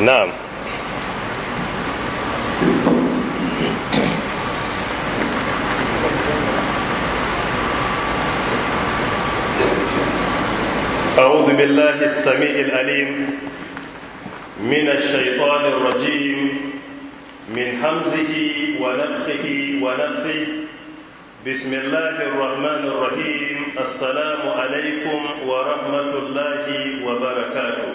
نعم أعوذ بالله السميع العليم من الشيطان الرجيم من حمزه ونفخه ونفخه بسم الله الرحمن الرحيم السلام عليكم ورحمة الله وبركاته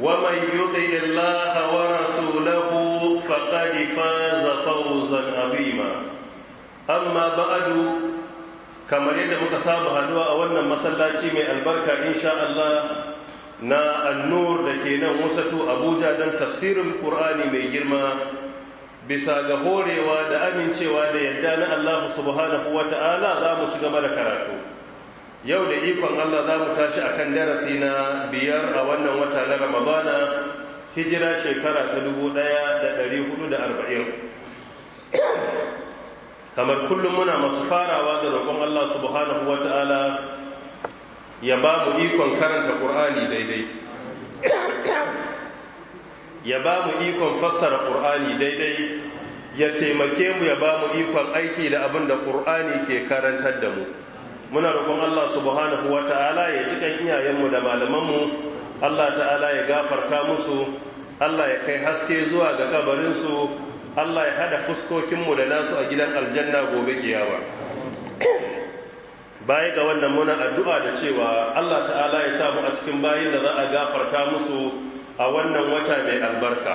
ومن يطع الله ورسوله فقد فاز فوزا عظيما أما بعد kamar yadda muka saba haduwa a wannan masallaci mai albarka insha na annur da ke nan wasatu abuja don tafsirin ƙur'ani mai girma bisa ga horewa da amincewa da yadda na Allahu subhanahu wa ta'ala za mu ci gaba da karatu yau da ikon Allah za mu tashi a kan darasi na biyar a wannan wata na Ramadana hijira shekara ta dubu ɗaya da ɗari hudu da arba'in. Kamar kullum muna masu farawa da roƙon Allah subhanahu wa ta'ala ya ba mu ikon karanta ƙur'ani daidai. Ya ba mu ikon fassara ƙur'ani daidai, ya taimake mu ya ba mu ikon aiki da abin da ƙur'ani ke karantar da mu. muna roƙon Allah subhanahu wa ta'ala ya ji kan iyayenmu da malamanmu Allah ta'ala ya gafarta musu Allah ya kai haske zuwa ga kabarinsu Allah ya hada fuskokinmu da nasu a gidan aljanna gobe kiyawa baya ga wannan muna addu'a da cewa Allah ta'ala ya samu a cikin bayin da za a gafarta musu a wannan wata mai albarka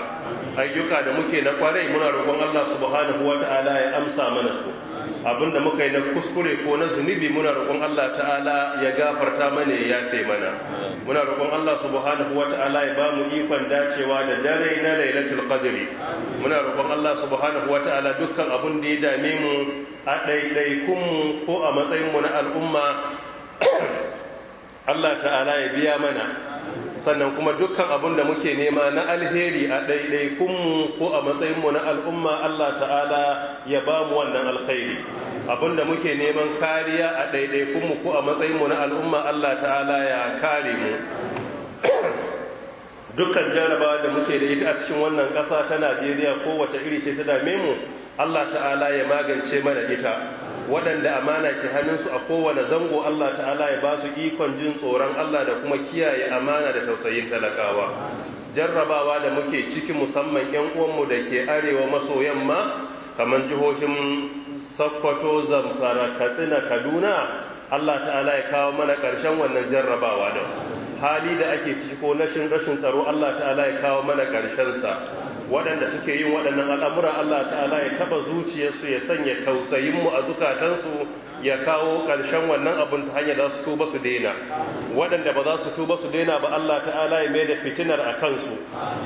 ayyuka da muke na kwarai muna roƙon Allah subhanahu wata'ala ya amsa mana su abinda muka yi na kuskure ko na zunubi muna roƙon Allah ta'ala ya gafarta mana ya yafe mana muna roƙon Allah subhanahu wata'ala ya bamu ikon dacewa da dare na lailatul qadri muna roƙon Allah subhanahu wata'ala dukkan abun da ya dame mu a ɗaiɗaikun mu ko a matsayin mu na al'umma Allah ta'ala ya biya mana sannan kuma dukkan abin da muke nema na alheri a ɗaiɗaikunmu ko a matsayinmu na al'umma Allah ta'ala ya ba mu wannan alkhairi abin da muke neman kariya a ɗaiɗaikunmu ko a matsayinmu na al'umma Allah ta'ala ya kare mu dukkan jarabawa da muke da ita a cikin wannan ƙasa ta najeriya kowace iri ce ta dame mu allah ta'ala ya magance mana ita waɗanda amana ke hannunsu a kowane zango Allah ta'ala ya ba su ikon jin tsoron Allah da kuma kiyaye amana da tausayin talakawa jarrabawa da muke ciki musamman 'yan uwanmu da ke arewa maso yamma kamar jihohin Sokoto, Zamfara, Katsina, Kaduna Allah ta'ala ya kawo mana ƙarshen wannan jarrabawa da hali da ake ciki ko rashin tsaro Allah ta'ala ya kawo mana sa. waɗanda suke yin waɗannan al'amura Allah ta'ala ya taɓa zuciyarsu ya sanya tausayinmu a zukatansu ya kawo ƙarshen wannan abin ta hanyar za su tuba su daina waɗanda ba za su tuba su daina ba Allah ta'ala ya mai da fitinar a kansu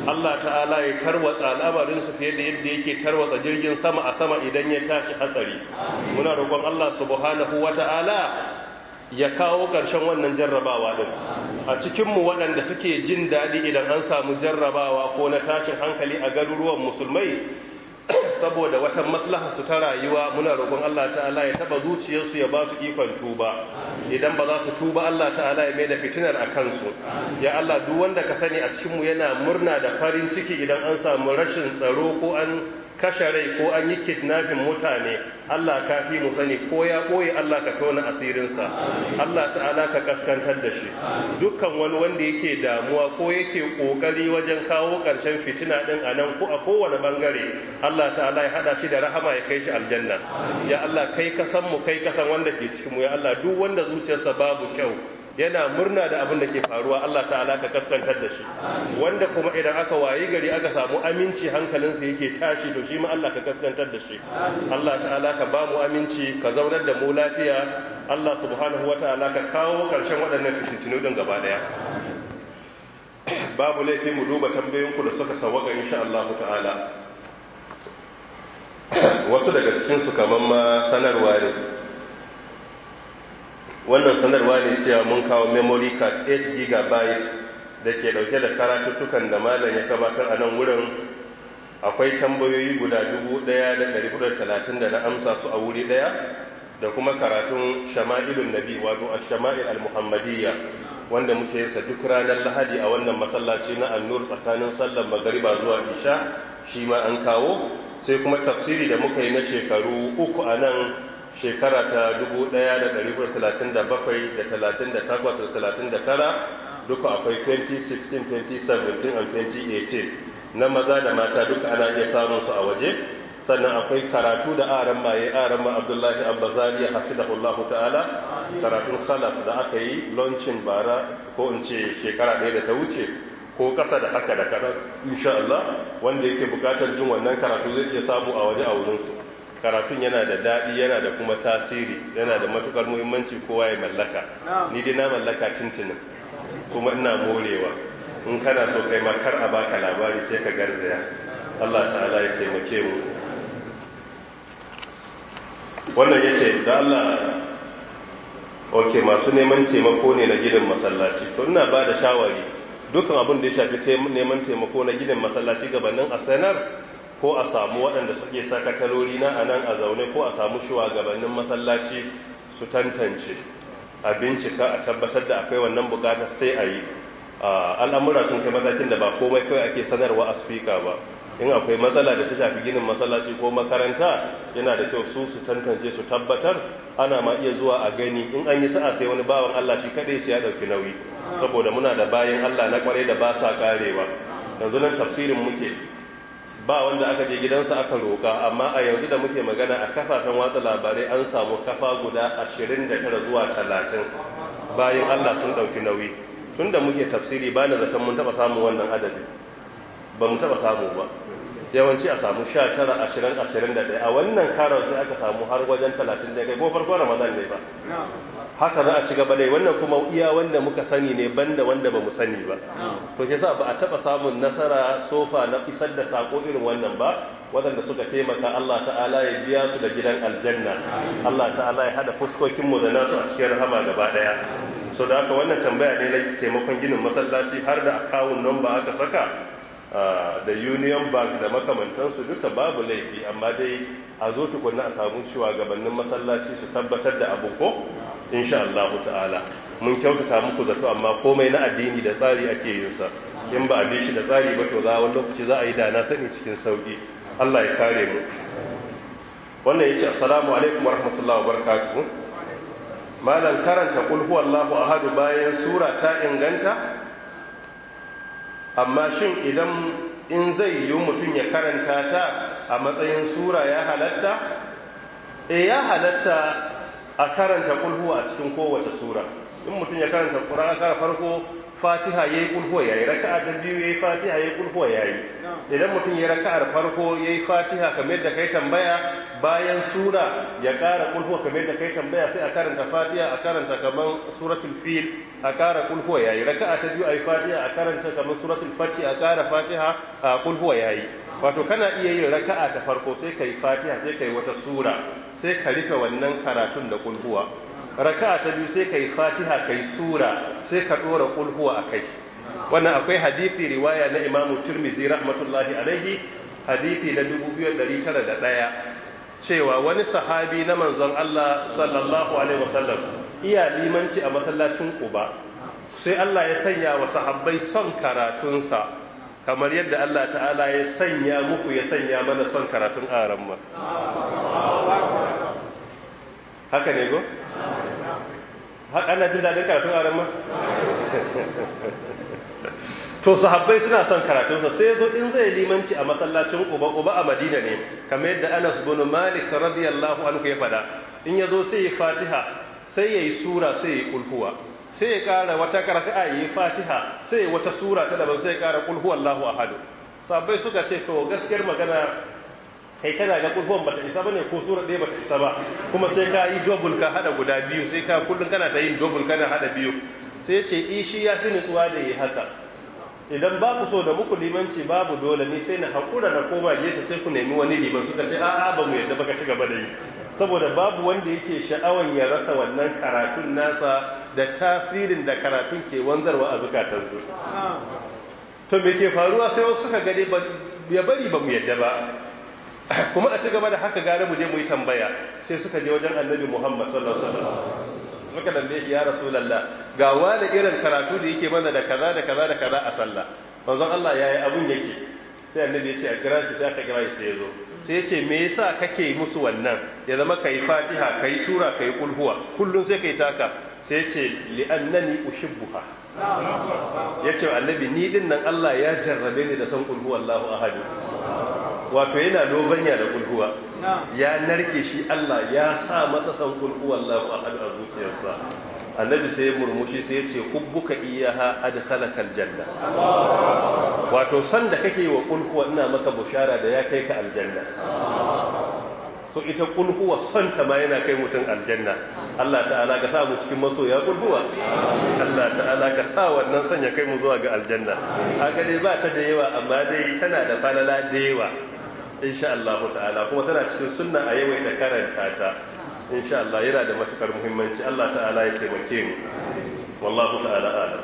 Allah ta'ala ya tarwatsa al'amarinsu fiye da yadda yake tarwatsa jirgin sama a sama idan ya tashi hatsari muna roƙon Allah subhanahu wa ta'ala ya kawo ƙarshen wannan jarrabawa din a cikinmu waɗanda suke jin daɗi idan an samu jarrabawa ko na tashin hankali a garuruwan musulmai saboda wata maslaha su ta rayuwa muna roƙon Allah ta'ala ya taba zuciyarsu ya ba su ikon tuba idan ba za su tuba Allah ta'ala ya mai da fitinar a kansu ya Allah duk wanda ka sani a cikinmu yana murna da farin ciki idan an samu rashin tsaro ko an kashe rai ko an yi kidnafin mutane Allah ka fi mu sani ko ya ɓoye Allah ka tona asirinsa Allah ta'ala ka kaskantar da shi dukkan wani wanda yake damuwa ko yake ƙoƙari wajen kawo ƙarshen fitina ɗin a nan ko a kowane ɓangare Allah ta'ala ya haɗa shi da rahama ya kai shi aljanna ya Allah kai kasan kai kasan wanda ke cikin ya Allah duk wanda zuciyarsa babu kyau yana murna da abin da ke faruwa Allah ta'ala ka kaskantar da shi wanda kuma idan aka wayi gari aka samu aminci hankalinsa yake tashi to shi ma Allah ka kaskantar da shi Allah ta'ala ka ba mu aminci ka zaunar da mu lafiya Allah subhanahu wa ta'ala ka kawo ƙarshen waɗannan fitintinu din gaba ɗaya babu laifi mu duba tambayoyinku da suka sawaka insha Allah ta'ala wasu daga cikin su kaman ma sanarwa ne wannan sanarwa ne cewa mun kawo memory card 8 gb da ke dauke da karatuttukan da malam ya gabatar a nan wurin akwai tambayoyi guda 1430 da na amsa su a wuri daya da kuma karatun shama'ilun nabi wato a shama'il al-muhammadiyya wanda muke yinsa duk ranar lahadi a wannan masallaci na annur tsakanin sallar magariba zuwa isha shi ma an kawo sai kuma tafsiri da muka yi na shekaru uku a nan shekara ta 1937 da 38 da 39 duka akwai 2016 2017 and 2018 na maza da mata duka ana iya samun su a waje sannan akwai karatu da aran maye aran ma abdullahi abbazali ya hulahu ta'ala karatun salaf da aka yi launcin bara ko in ce shekara ɗaya da ta wuce ko ƙasa da haka da kaɗan insha Allah wanda yake buƙatar jin wannan karatu zai iya samu a waje a wurinsu karatun yana da daɗi yana da kuma tasiri yana da matukar muhimmanci kowa ya mallaka ni dai na mallaka tintinin kuma ina morewa in kana so kai ma kar a baka labari sai ka garzaya Allah ta'ala ya taimake mu wannan yace da Allah oke masu neman taimako ne na gidan masallaci to ina ba da shawari dukkan abin da ya shafi neman taimako na gidan masallaci gabanin a sanar ko a samu waɗanda suke saka kalori na a nan a zaune ko a samu shugabannin masallaci su tantance a bincika a tabbatar da akwai wannan bukatar sai a yi al'amura sun kai matakin da ba komai kawai ake sanarwa a spika ba in akwai matsala da ta shafi ginin masallaci ko makaranta yana da kyau su su tantance su tabbatar ana ma iya zuwa a gani in an yi sa'a sai wani bawan Allah shi kadai shi ya dauki nauyi saboda muna da bayan Allah na kware da ba sa karewa yanzu nan tafsirin muke ba wanda aka je gidansa aka roƙa amma a yanzu da muke magana a kafafen watsa labarai an samu kafa guda 29 zuwa 30 bayan Allah sun ɗauki nauyi tun da muke tafsiri ba na zaton mun taɓa samun wannan adadi ba mu taɓa samu ba yawanci a samu 19 21 a wannan karon sai aka samu har wajen 30 da kai ko farko ramadan ne ba haka za a ci gaba dai wannan kuma iya wanda muka sani ne banda wanda ba mu sani ba to ke sa ba a taba samun nasara sofa na isar da sako irin wannan ba waɗanda suka taimaka Allah ta'ala ya biya su da gidan aljanna Allah ta'ala ya hada fuskokin mu da nasu a cikin rahama gaba daya so da haka wannan tambaya ne na taimakon ginin masallaci har da akawun nan aka saka Ah, da union bank da makamantansu duka babu laifi amma dai a zo tukunna a samu cewa gabanin masallaci su tabbatar da abu ko insha Allah ta'ala mun kyautata muku zato amma komai na addini da tsari ake yin sa in ba a bi shi da tsari ba to za wani lokaci za a yi dana sani cikin sauki Allah ya kare mu wannan yace assalamu alaikum warahmatullahi wabarakatuh malam karanta kulhu huwallahu ahadu bayan sura ta inganta amma shin idan in zai yi mutum ya karanta ta a matsayin sura ya halatta e ya halatta a karanta kulhu a cikin kowace sura in mutum ya karanta ƙura a farko fatiha ya ƙulho kulhuwa yayi raka'a ta biyu ya yi fatiha ya ƙulho kulhuwa yayi idan mutum ya raka'ar farko ya yi fatiha kamar da kai tambaya bayan sura ya ƙara kulhuwa kamar da kai tambaya sai a karanta fatiha a karanta kamar suratul fil a ƙara kulhuwa yayi raka'a ta biyu a yi fatiha a karanta kamar suratul fati a ƙara fatiha a kulhuwa yayi wato kana iya yin raka'a ta farko sai ka yi fatiha sai ka yi wata sura sai ka rufe wannan karatun da kulhuwa raka'a ta biyu sai kai fatiha kai sura sai ka ɗora ƙulhuwa a kai wannan akwai hadithi riwaya na imamu turmizi rahmatullahi alaihi hadithi na 2901 cewa wani sahabi na manzon Allah sallallahu alaihi wasallam iya limanci a masallacin Quba sai Allah ya sanya wa sahabbai son karatunsa kamar yadda Allah ta'ala ya sanya muku ya sanya mana son karatun aranmu haka ne go ana jin daɗin karatun a ma to sahabbai suna son karatunsa sai zo in zai limanci a masallacin uba uba a madina ne kamar yadda anas bin malik radiyallahu anhu ya fada in ya zo sai ya fatiha sai ya yi sura sai ya yi kulhuwa sai ya ƙara wata karka'a ya yi fatiha sai ya wata sura ta daban sai ya ƙara kulhuwa allahu ahadu sahabbai suka ce to gaskiyar magana kai kana ga kulhuwan bata isa bane ko sura ɗaya bata isa ba kuma sai ka yi dobul ka hada guda biyu sai ka kullun kana ta yin double kana hada biyu sai ya ce ishi e, ya fi nutsuwa da yi haka idan ba ku so da muku limanci babu dole ni sai na hakura na koma gefe sai ku nemi wani liman suka ce a'a ba mu yadda baka ci gaba da yi saboda babu wanda yake sha'awan ya rasa wannan karatun nasa da tafirin da karatun ke wanzarwa a zukatansu to me ke faruwa sai wasu suka gade ya bari ba mu yadda ba kuma a ci gaba da haka gare mu je mu yi tambaya sai suka je wajen annabi muhammad sallallahu alaihi wasallam suka dambe shi ya rasulullah ga wani irin karatu da yake mana da kaza da kaza da kaza a sallah manzon Allah yayi abun yake sai annabi ya ce a kira shi sai aka kira shi sai ya zo sai ya ce me yasa kake musu wannan ya zama kai fatiha kai sura kai kulhuwa kullun sai kai taka sai ya ce li annani ushibbuha ya ce annabi ni din Allah ya jarrabe ni da san allahu ahad wato yana dogonya da kulhuwa ya narke shi Allah ya sa masa san kulhuwa Allahu hadu a zuciyarsa annabi sai ya murmushi sai ya ce hubbuka iyaha adkhalakal janna wato san da kake wa kulhuwa ina maka bushara da ya kai ka aljanna so ita kulhuwa san ta ma yana kai mutum aljanna Allah ta'ala ka sa mu cikin masoya kulhuwa Allah ta'ala ka sa wannan son ya kai mu zuwa ga aljanna kaga dai ba ta da yawa amma dai tana da falala da yawa insha Allah ta'ala kuma tana cikin sunna a yawaita karanta ta insha Allah yana da matukar muhimmanci Allah ta'ala ya taimake mu wallahu ta'ala alam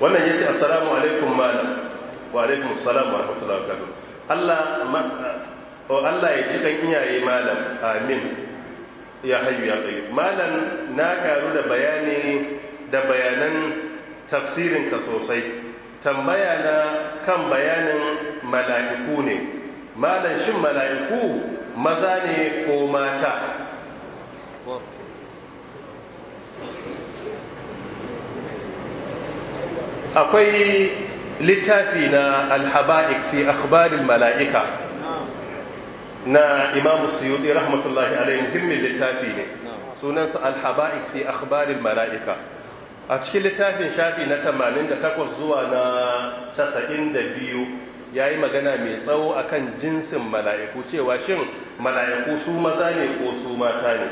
wannan yace assalamu alaikum malam wa alaikum assalam wa rahmatullahi wa barakatuh Allah o Allah ya ji dan iyaye malam amin ya hayyu ya qayyum malam na karu da bayani da bayanan tafsirin ka sosai tambaya na kan bayanin mala'iku ne malan shin mala'iku maza ne ko mata akwai littafi na alhaba'ik fi akhbaril mala'ika na imamu suyuti rahmatullahi alayhi muhimmin littafi ne sunansa alhaba'ik fi akhbaril mala'ika a cikin littafin shafi na 88 zuwa na 92 ya yi magana mai tsawo akan jinsin mala'iku cewa shin mala'iku su maza ne ko su mata ne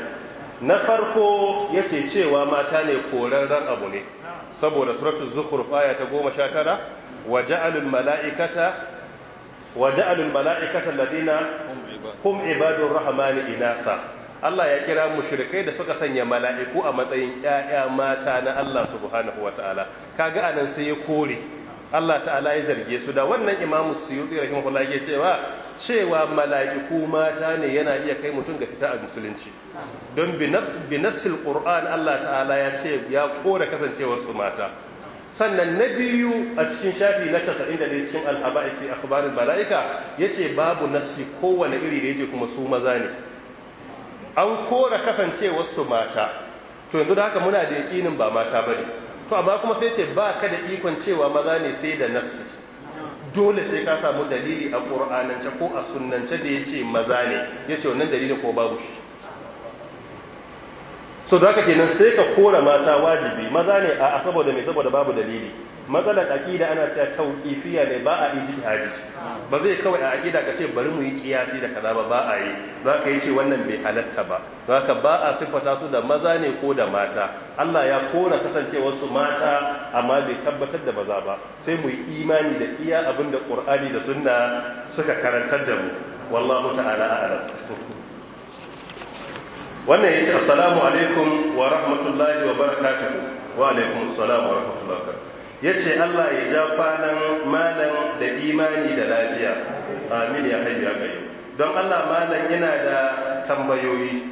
na farko ya ce cewa mata ne korarren abu ne saboda suratun zukhruf ta goma sha tara wa ja'alul mala'ikata ladina kum ibadun rahamani inasa Allah ya kira mushrikai da suka sanya mala'iku a matsayin ‘ya'ya mata na Allah subhanahu wata'ala kaga anan sai ya kore, Allah ta'ala ya zarge su da wannan imamu suyuti rahimahullah ke cewa cewa mala'iku mata ne yana iya kai mutum ga fita a musulunci don bi nafsil Allah ta'ala ya ce ya kora kasancewar su mata sannan na biyu a cikin shafi na casa'in da dai cikin al-habaiki bala'ika, malaika ce babu nasi kowane iri da yace kuma su maza ne an kora kasancewar su mata to yanzu da haka muna da yakinin ba mata ba ne. to amma kuma sai ce ba ka da ikon cewa maza ne sai da nafsi dole sai ka samu dalili a ƙur'anance ko a sunance da ya ce maza ne ya ce wannan dalilin ko babu shi so da haka kenan sai ka kora mata wajibi maza ne a saboda mai saboda babu dalili matsalar aƙida ana cewa tauƙifiya ne ba a ijtihadi ba zai kawai a aƙida ka ce bari mu yi kiyasi da kaza ba ba a yi za ka yi ce wannan bai halatta ba za ka ba a siffata su da maza ne ko da mata Allah ya kora kasancewar su mata amma bai tabbatar da maza ba sai mu yi imani da iya abin da Qur'ani da Sunna suka karantar da mu wallahu ta'ala a'lam wannan yace assalamu alaikum wa rahmatullahi wa barakatuh wa alaikum assalam wa rahmatullahi wa barakatuh ya ce Allah ya ja kwanan malam da imani da lafiya amin ya haifi kai, don Allah malam yana da tambayoyi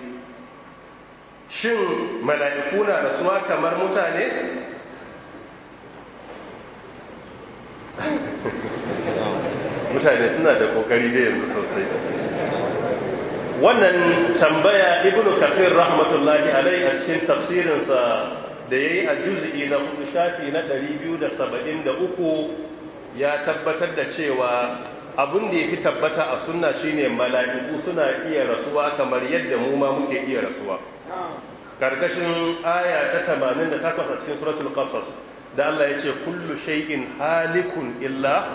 shin mala'iku na rasuwa kamar mutane mutane suna da kokari da yanzu sosai wannan tambaya Ibn kafir rahmatullahi alai a cikin tafsirinsa da ya yi a juzi na hudu shafi na 273 ya tabbatar da cewa abin da ya fi tabbata a sunna shine mala'iku suna iya rasuwa kamar yadda mu ma muke iya rasuwa karkashin aya ta 88 a cikin suratul qasas da Allah ya ce kullu shay'in halikun illa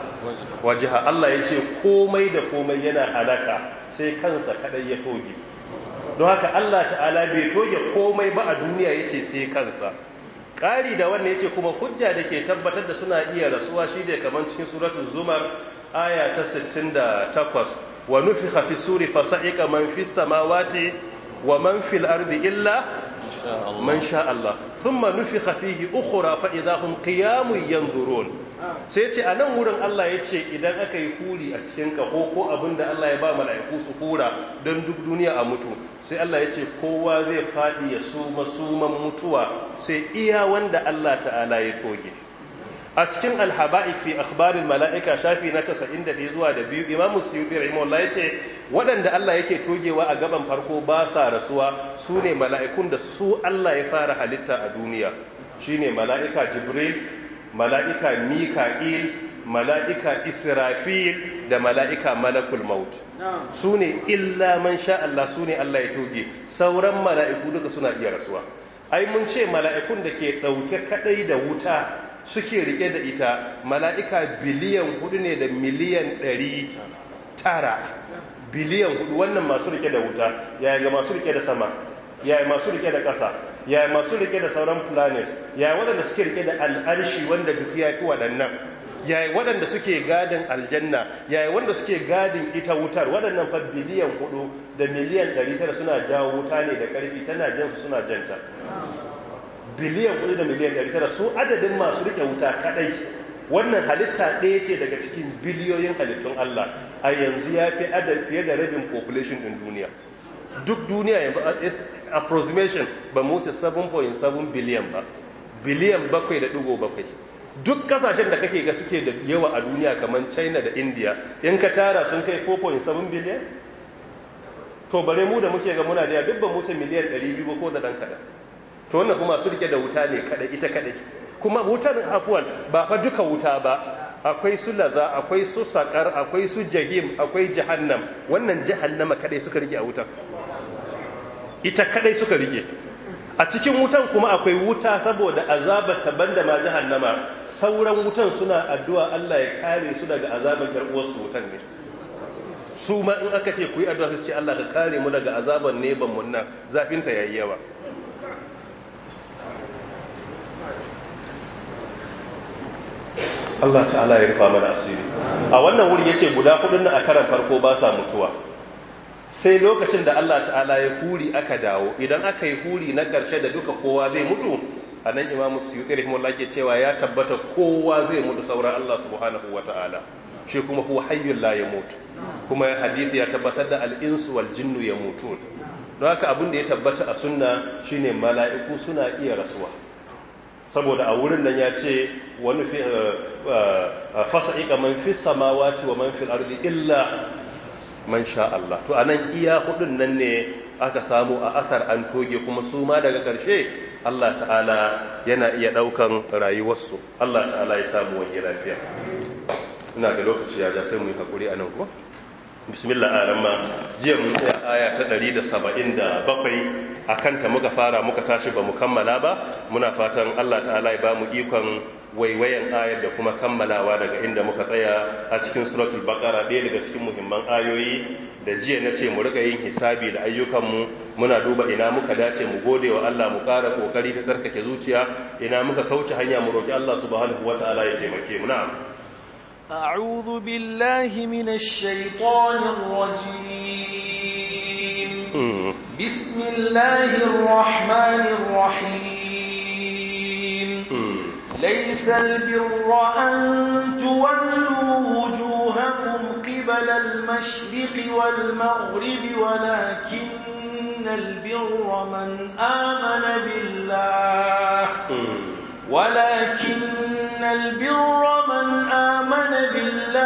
wajaha Allah ya ce komai da komai yana halaka sai kansa kaɗai ya toge don haka Allah ta'ala bai toge komai ba a duniya yace sai kansa ƙari da wannan yace kuma hujja da ke tabbatar da suna iya rasuwa shi da kamar cikin suratun zumar aya ta 68 wa nufi hafi suri fasa'ika man fi samawati wa man fil ardi illa man sha Allah thumma nufikha fihi ukhra fa idha qiyamun yanzurun sai ce a nan wurin Allah ya ce idan aka yi huri a cikin kaho ko abin da Allah ya ba mala'iku su kura don duk duniya a mutu sai Allah ya ce kowa zai faɗi ya suma suman mutuwa sai iya wanda Allah ta'ala ya toge a cikin alhaba'i fi akhbarin mala'ika shafi na 91 zuwa da biyu imamu suyuti Allah ya ce waɗanda Allah yake togewa a gaban farko ba sa rasuwa su ne mala'ikun da su Allah ya fara halitta a duniya shine mala'ika jibril mala'ika mika'il mala'ika israfil da mala'ika malakul maut su ne illa man sha Allah su ne Allah ya toge sauran mala'iku duka suna iya rasuwa ai mun ce mala'ikun da ke ɗauke kaɗai da wuta suke rike da ita mala'ika biliyan hudu ne da miliyan ɗari tara biliyan hudu wannan masu rike da wuta yaya masu rike da sama yaya masu rike da ƙasa ya masu rike da sauran planet ya waɗanda suke rike da al'arshi wanda duk ya fi waɗannan ya waɗanda suke gadin aljanna ya waɗanda suke gadin ita wutar waɗannan fa biliyan hudu da miliyan ɗari tara suna jawo wuta ne da ƙarfi tana jan su suna janta biliyan hudu da miliyan ɗari tara su adadin masu rike wuta kaɗai wannan halitta ɗaya ce daga cikin biliyoyin halittun Allah a yanzu ya fi adad fiye da rabin population ɗin duniya duk duniya yanzu uh, approximation ba mu ce 7.7 biliyan ba biliyan 7.7 duk kasashen da kake ga suke da yawa a duniya kamar china da india in ka tara sun kai 4.7 biliyan to bare mu da muke ga muna da mu ce miliyan 200 ko da dan kada to wannan kuma su rike da wuta ne kada ita kada kuma wutar afuwan ba fa duka wuta ba akwai su laza akwai su sakar, akwai su jahim akwai jahannam wannan jahannama kadai suka rike a wutan ita kadai suka rike a cikin wutan kuma akwai wuta saboda azaba taban da ma jahannama sauran wutan suna addu'a Allah ya kare su daga azabar su wutan ne su ma in aka ce ku yi addu'a su ce Allah ka kare mu daga azabar neban mun nan zafinta yayi yawa Allah ta'ala ya rufa mana asiri a wannan wuri yace guda kuɗin a karan farko ba sa mutuwa sai lokacin da Allah ta'ala ya huri aka dawo idan aka yi huri na karshe da duka kowa zai mutu a nan imamu suyuti rahimahullah ke cewa ya tabbata kowa zai mutu sauran Allah subhanahu wa ta'ala shi kuma huwa hayyul la mutu. kuma hadisi ya tabbatar da al'insu insu wal jinnu yamutun don haka abin da ya tabbata a sunna shine mala'iku suna iya rasuwa saboda a wurin nan ya ce wani fi eh, eh, eh, fasa'ika man fi samawati wa man fi arzi illa man sha Allah to anan iya hudun nan ne aka samu a asar an toge kuma su ma daga ƙarshe Allah ta'ala yana iya ɗaukan rayuwarsu Allah ta'ala ya samu wani lafiya ina da lokaci ya ja sai mu yi hakuri a nan ko bismillah alamma jiya mun tsaya aya ta 177 akan ta muka fara muka tashi ba mu kammala ba muna fatan Allah ta'ala ya ba mu ikon waiwayan ayar da kuma kammalawa daga inda muka tsaya a cikin suratul baqara ɗaya daga cikin muhimman ayoyi da jiya na ce mu rika yin hisabi da ayyukanmu muna duba ina muka dace mu gode wa Allah mu ƙara ƙoƙari ta tsarkake zuciya ina muka kauce hanya mu roƙi Allah subhanahu wata'ala ya taimake mu na'am أعوذ بالله من الشيطان الرجيم بسم الله الرحمن الرحيم ليس البر أن تولوا وجوهكم قبل المشرق والمغرب ولكن البر من آمن بالله ولكن البر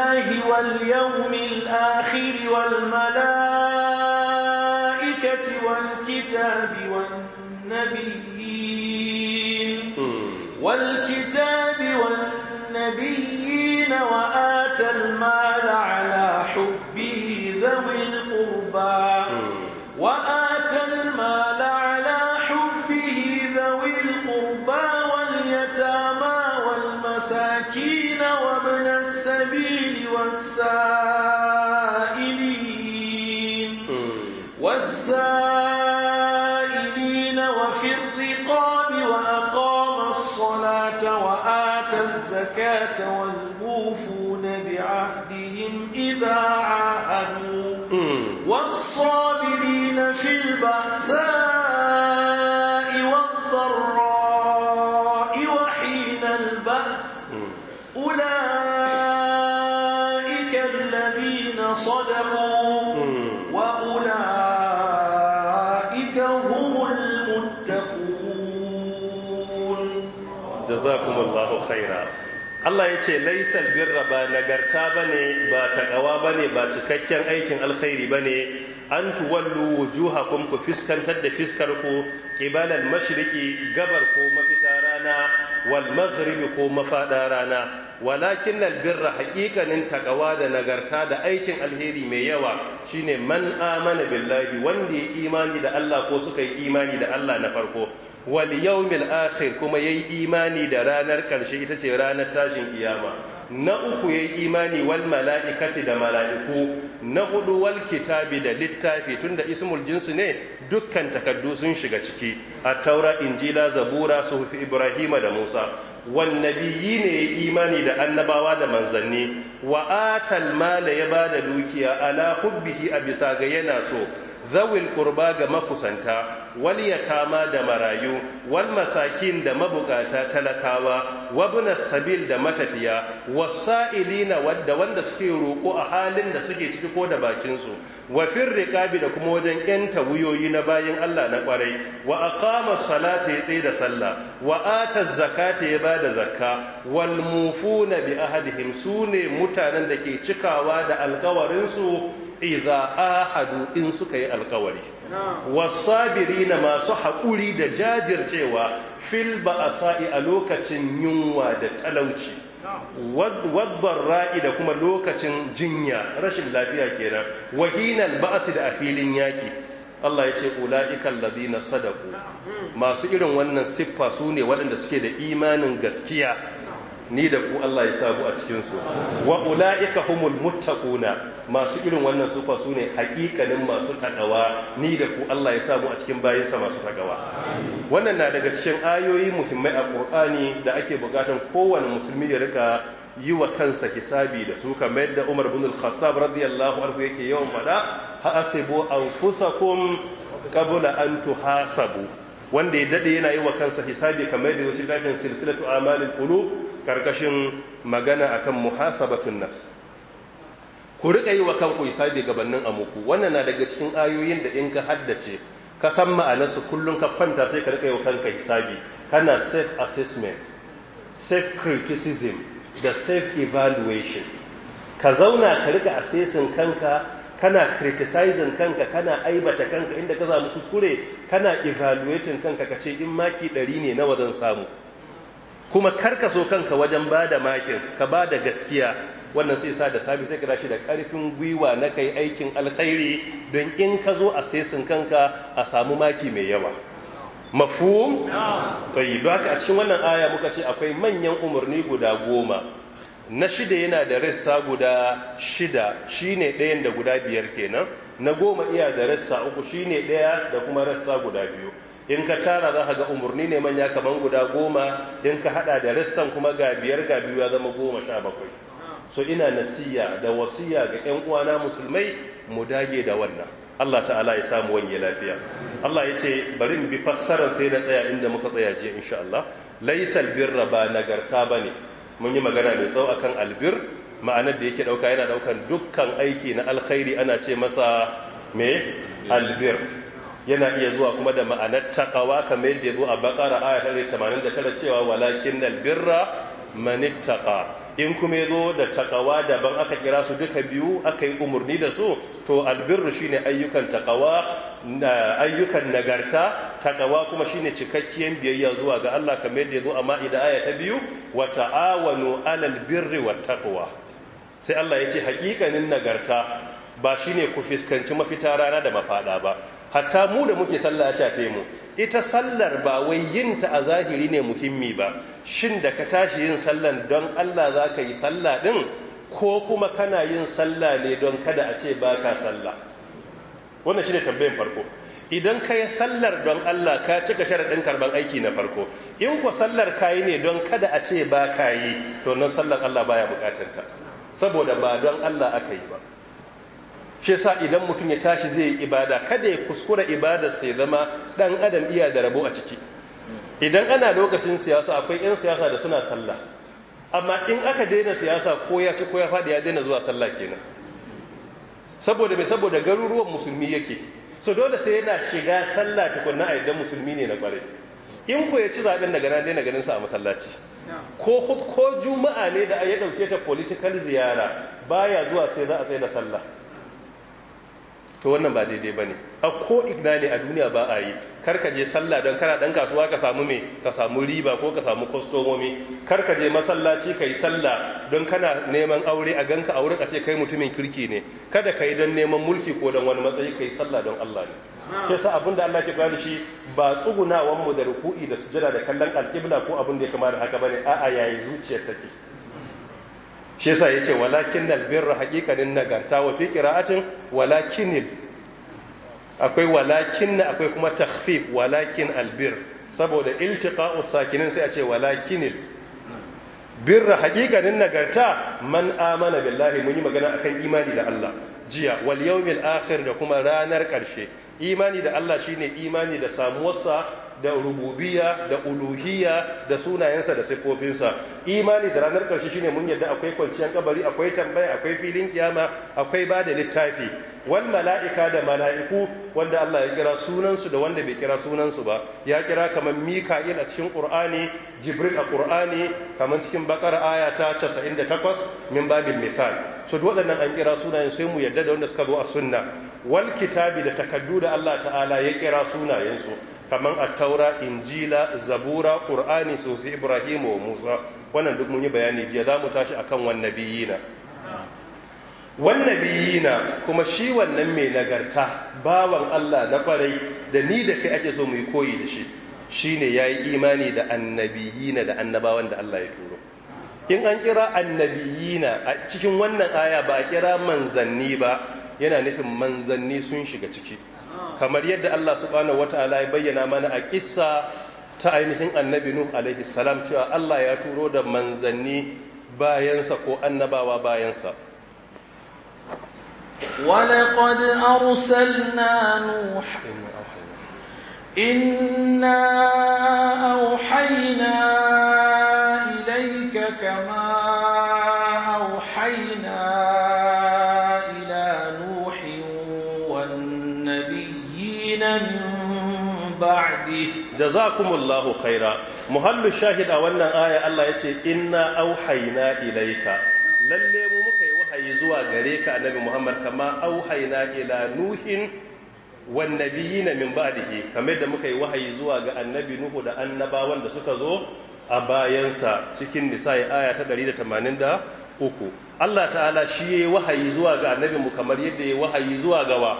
الله واليوم الآخر والملائكة ya ce laisal birra ba nagarta ba ne ba taƙawa ba ne ba cikakken aikin alkhairi ba ne an tuwallu wujuhakum ku fiskantar da fiskar ku ƙibalar mashiriki gabar ko mafita rana wal maghribi ko mafaɗa rana walakin birra haƙiƙanin taƙawa da nagarta da aikin alheri mai yawa shine man amana billahi wanda ya imani da Allah ko suka yi imani da Allah na farko wal yawmil akhir kuma yayi imani da ranar karshe ita ce ranar tashin kiyama na uku yayi imani wal mala'ikati da mala'iku na hudu wal kitabi da littafi tunda ismul jinsi ne dukkan takaddu sun shiga ciki at-taura injila zabura suhuf ibrahima da musa wan nabiyyi ne yayi imani da annabawa da manzanni wa atal mala ya bada dukiya ala hubbihi a bisa ga yana so zawil kurba ga makusanta wal yatama da marayu wal masakin da mabukata talakawa wabna sabil da matafiya wasailina wadda wanda suke roƙo a halin da suke ciki ko da bakin su wa firriqabi da kuma wajen yanta wuyoyi na bayin Allah na kwarai wa aqama salata ya tsaye da sallah wa ata zakata ya bada zakka wal mufuna bi ahadihim sune mutanen da ke cikawa da alkawarin su iza ahadu in suka yi alkawari wasabirina masu haƙuri da jajircewa fil ba a lokacin yunwa da talauci wadbar ra'i da kuma lokacin jinya rashin lafiya kenan ba ba'si da a filin yaƙi Allah ya ce ula'ikan ladina sadaku masu irin wannan siffa su ne waɗanda suke da imanin gaskiya ni da ku Allah ya sabu a cikinsu wa ula'ika humul muttaquna masu irin wannan sufa su ne hakikanin masu takawa ni da ku Allah ya sabu a cikin bayansa masu takawa wannan na daga cikin ayoyi muhimmai a Qur'ani da ake bukatar kowane musulmi ya rika yi wa kansa hisabi da su kamar yadda Umar ibn al-Khattab radiyallahu anhu yake yawan ha hasibu anfusakum qabla an tuhasabu wanda ya dade yana yi wa kansa hisabi kamar da wasu dafin silsilatu amalul qulub karkashin magana akan muhasabatun nafs ku riƙa yi wa kanku hisabi gabanin amuku wannan na daga cikin ayoyin da in ka haddace ka san ma'anarsu kullum ka kwanta sai ka riƙa yi wa kanka hisabi kana self assessment self criticism da self evaluation ka zauna ka riƙa assessin kanka kana criticizing kanka kana aibata kanka inda ka samu kuskure kana evaluating kanka ka ce in maki ɗari ne nawa zan samu kuma karka so kanka wajen ba da makin ka ba da gaskiya wannan sai sa da sabi sai ka dashi da karfin gwiwa na kai aikin alkhairi don in ka zo a sesin kanka a samu maki mai yawa mafhum tayyib haka a cikin wannan aya muka ce akwai manyan umarni guda goma na shida yana da rassa guda shida shine ɗayan da guda biyar kenan na goma iya da rassa uku shine ɗaya da kuma rassa guda biyu in ka tara za ka ga umarni ne manya kaman guda goma in ka hada da rassan kuma ga biyar ga biyu ya zama goma sha bakwai so ina nasiya da wasiya ga 'yan uwana musulmai mu dage da wannan Allah ta'ala ya samu wanye lafiya Allah ya ce bari bi fassarar sai na tsaya inda muka tsaya jiya insha Allah laisal birra ba nagarta bane mun yi magana mai tsawo akan albir ma'anar da yake dauka yana daukan dukkan aiki na alkhairi ana ce masa me albir yana iya zuwa kuma da ma'anar takawa kamar yadda ya zo a bakara aya 89 cewa walakin birra manittaka in kuma yazo da takawa daban aka kira su duka biyu aka yi umarni da su to albirru shine ayyukan takawa ayyukan nagarta takawa kuma shine cikakkiyar biyayya zuwa ga Allah kamar yadda yazo a Ma'ida aya ta biyu wa ta'awanu 'alal birri wat taqwa sai Allah yace haƙiƙanin nagarta ba shine ku fiskanci mafita rana da mafada ba hatta mu da muke sallah shafe mu ita sallar ba wai yin ta a zahiri ne muhimmi ba shin da ka tashi yin sallan don Allah za ka yi sallah din ko kuma kana yin sallah ne don kada a ce ba ka sallah wannan shi ne tambayin farko idan ka yi sallar don Allah ka cika sharaɗin karɓar aiki na farko in ku sallar ka yi ne don kada a ce ba ka yi to nan sallar Allah baya bukatar ta saboda ba don Allah aka yi ba shi sa idan mutum ya tashi zai yi ibada kada ya kuskura ibadar sai zama dan adam iya da rabo a ciki idan ana lokacin siyasa akwai yan siyasa da suna sallah amma in aka daina siyasa ko ya ci ko ya faɗi ya daina zuwa sallah kenan saboda mai saboda garuruwan musulmi yake so dole sai yana shiga sallah tukunna a idan musulmi ne na kware. in ku ya ci zaɓen daga na daina ganin sa a masallaci ko ko juma'a ne da ya ɗauke ta political ziyara baya zuwa sai za a sai da sallah to wannan ba daidai ba ne a ko igna ne a duniya ba a yi karka je sallah don kana dan kasuwa ka samu me ka samu riba ko ka samu kwastomomi karka je masallaci ka yi sallah don kana neman aure a ganka a wurin a ce kai mutumin kirki ne kada ka yi don neman mulki ko don wani matsayi ka yi sallah don allah ne Ke sa abin da allah ke kwani shi ba tsugunawan mu da ruku'i da sujada da kallon alƙibla ko abin da ya kama da haka bane a'a yayi zuciyar take shi yasa yace walakin albirra haqiqanin nagarta wa fi qira'atin walakinil akwai walakin akwai kuma takhfif walakin albirr saboda iltiqa'u sakinin sai a ce walakinil birra haqiqanin nagarta man amana billahi mun yi magana akan imani da Allah jiya wal yawmil akhir da kuma ranar karshe imani da Allah shine imani da samuwarsa da rububiya da uluhiya, da sunayensa da siffofinsa imani da ranar karshe shine mun yarda akwai kwanciyar kabari akwai tambaya akwai filin kiyama akwai ba da littafi wal mala'ika da mala'iku wanda Allah ya kira sunansu da wanda bai kira sunansu ba ya kira kamar mika'il a cikin qur'ani jibril a qur'ani kamar cikin bakara aya ta 98 min babin misal so duk waɗannan an kira sunayen sai mu yarda da wanda suka zo a sunna wal kitabi da takaddu da Allah ta'ala ya kira sunayensu kamar taura, injila zabura ƙur'ani sosai ibrahim wa musa wannan duk mun yi bayani jiya za mu tashi akan wannabiyina wannabiyina kuma shi wannan mai nagarta bawan Allah na kwarai da ni da kai ake so mu yi koyi da shi shi ne ya yi imani da annabiyina da annabawan da Allah ya turo in an kira annabiyina a cikin wannan aya ba a kira manzanni ba yana nufin manzanni sun shiga ciki kamar yadda Allah subhanahu wataala ya bayyana mana a kissa ta ainihin annabi nuh alaihi salam cewa Allah ya turo da manzanni bayansa ko annabawa bayansa ولقد أرسلنا نوحا إنا أوحينا إليك كما jazakumullahu khaira muhallu shahida a wannan aya Allah yace inna auhayna ilayka lalle mu muka yi wahayi zuwa gare ka annabi Muhammad kama auhayna ila nuhin wan nabiyina min ba'dihi kamar yadda muka yi wahayi zuwa ga annabi Nuhu da annabawan da suka zo a bayansa cikin nisa'i aya ta 183 Allah ta'ala shi yayi wahayi zuwa ga annabi mu kamar yadda yayi wahayi zuwa ga wa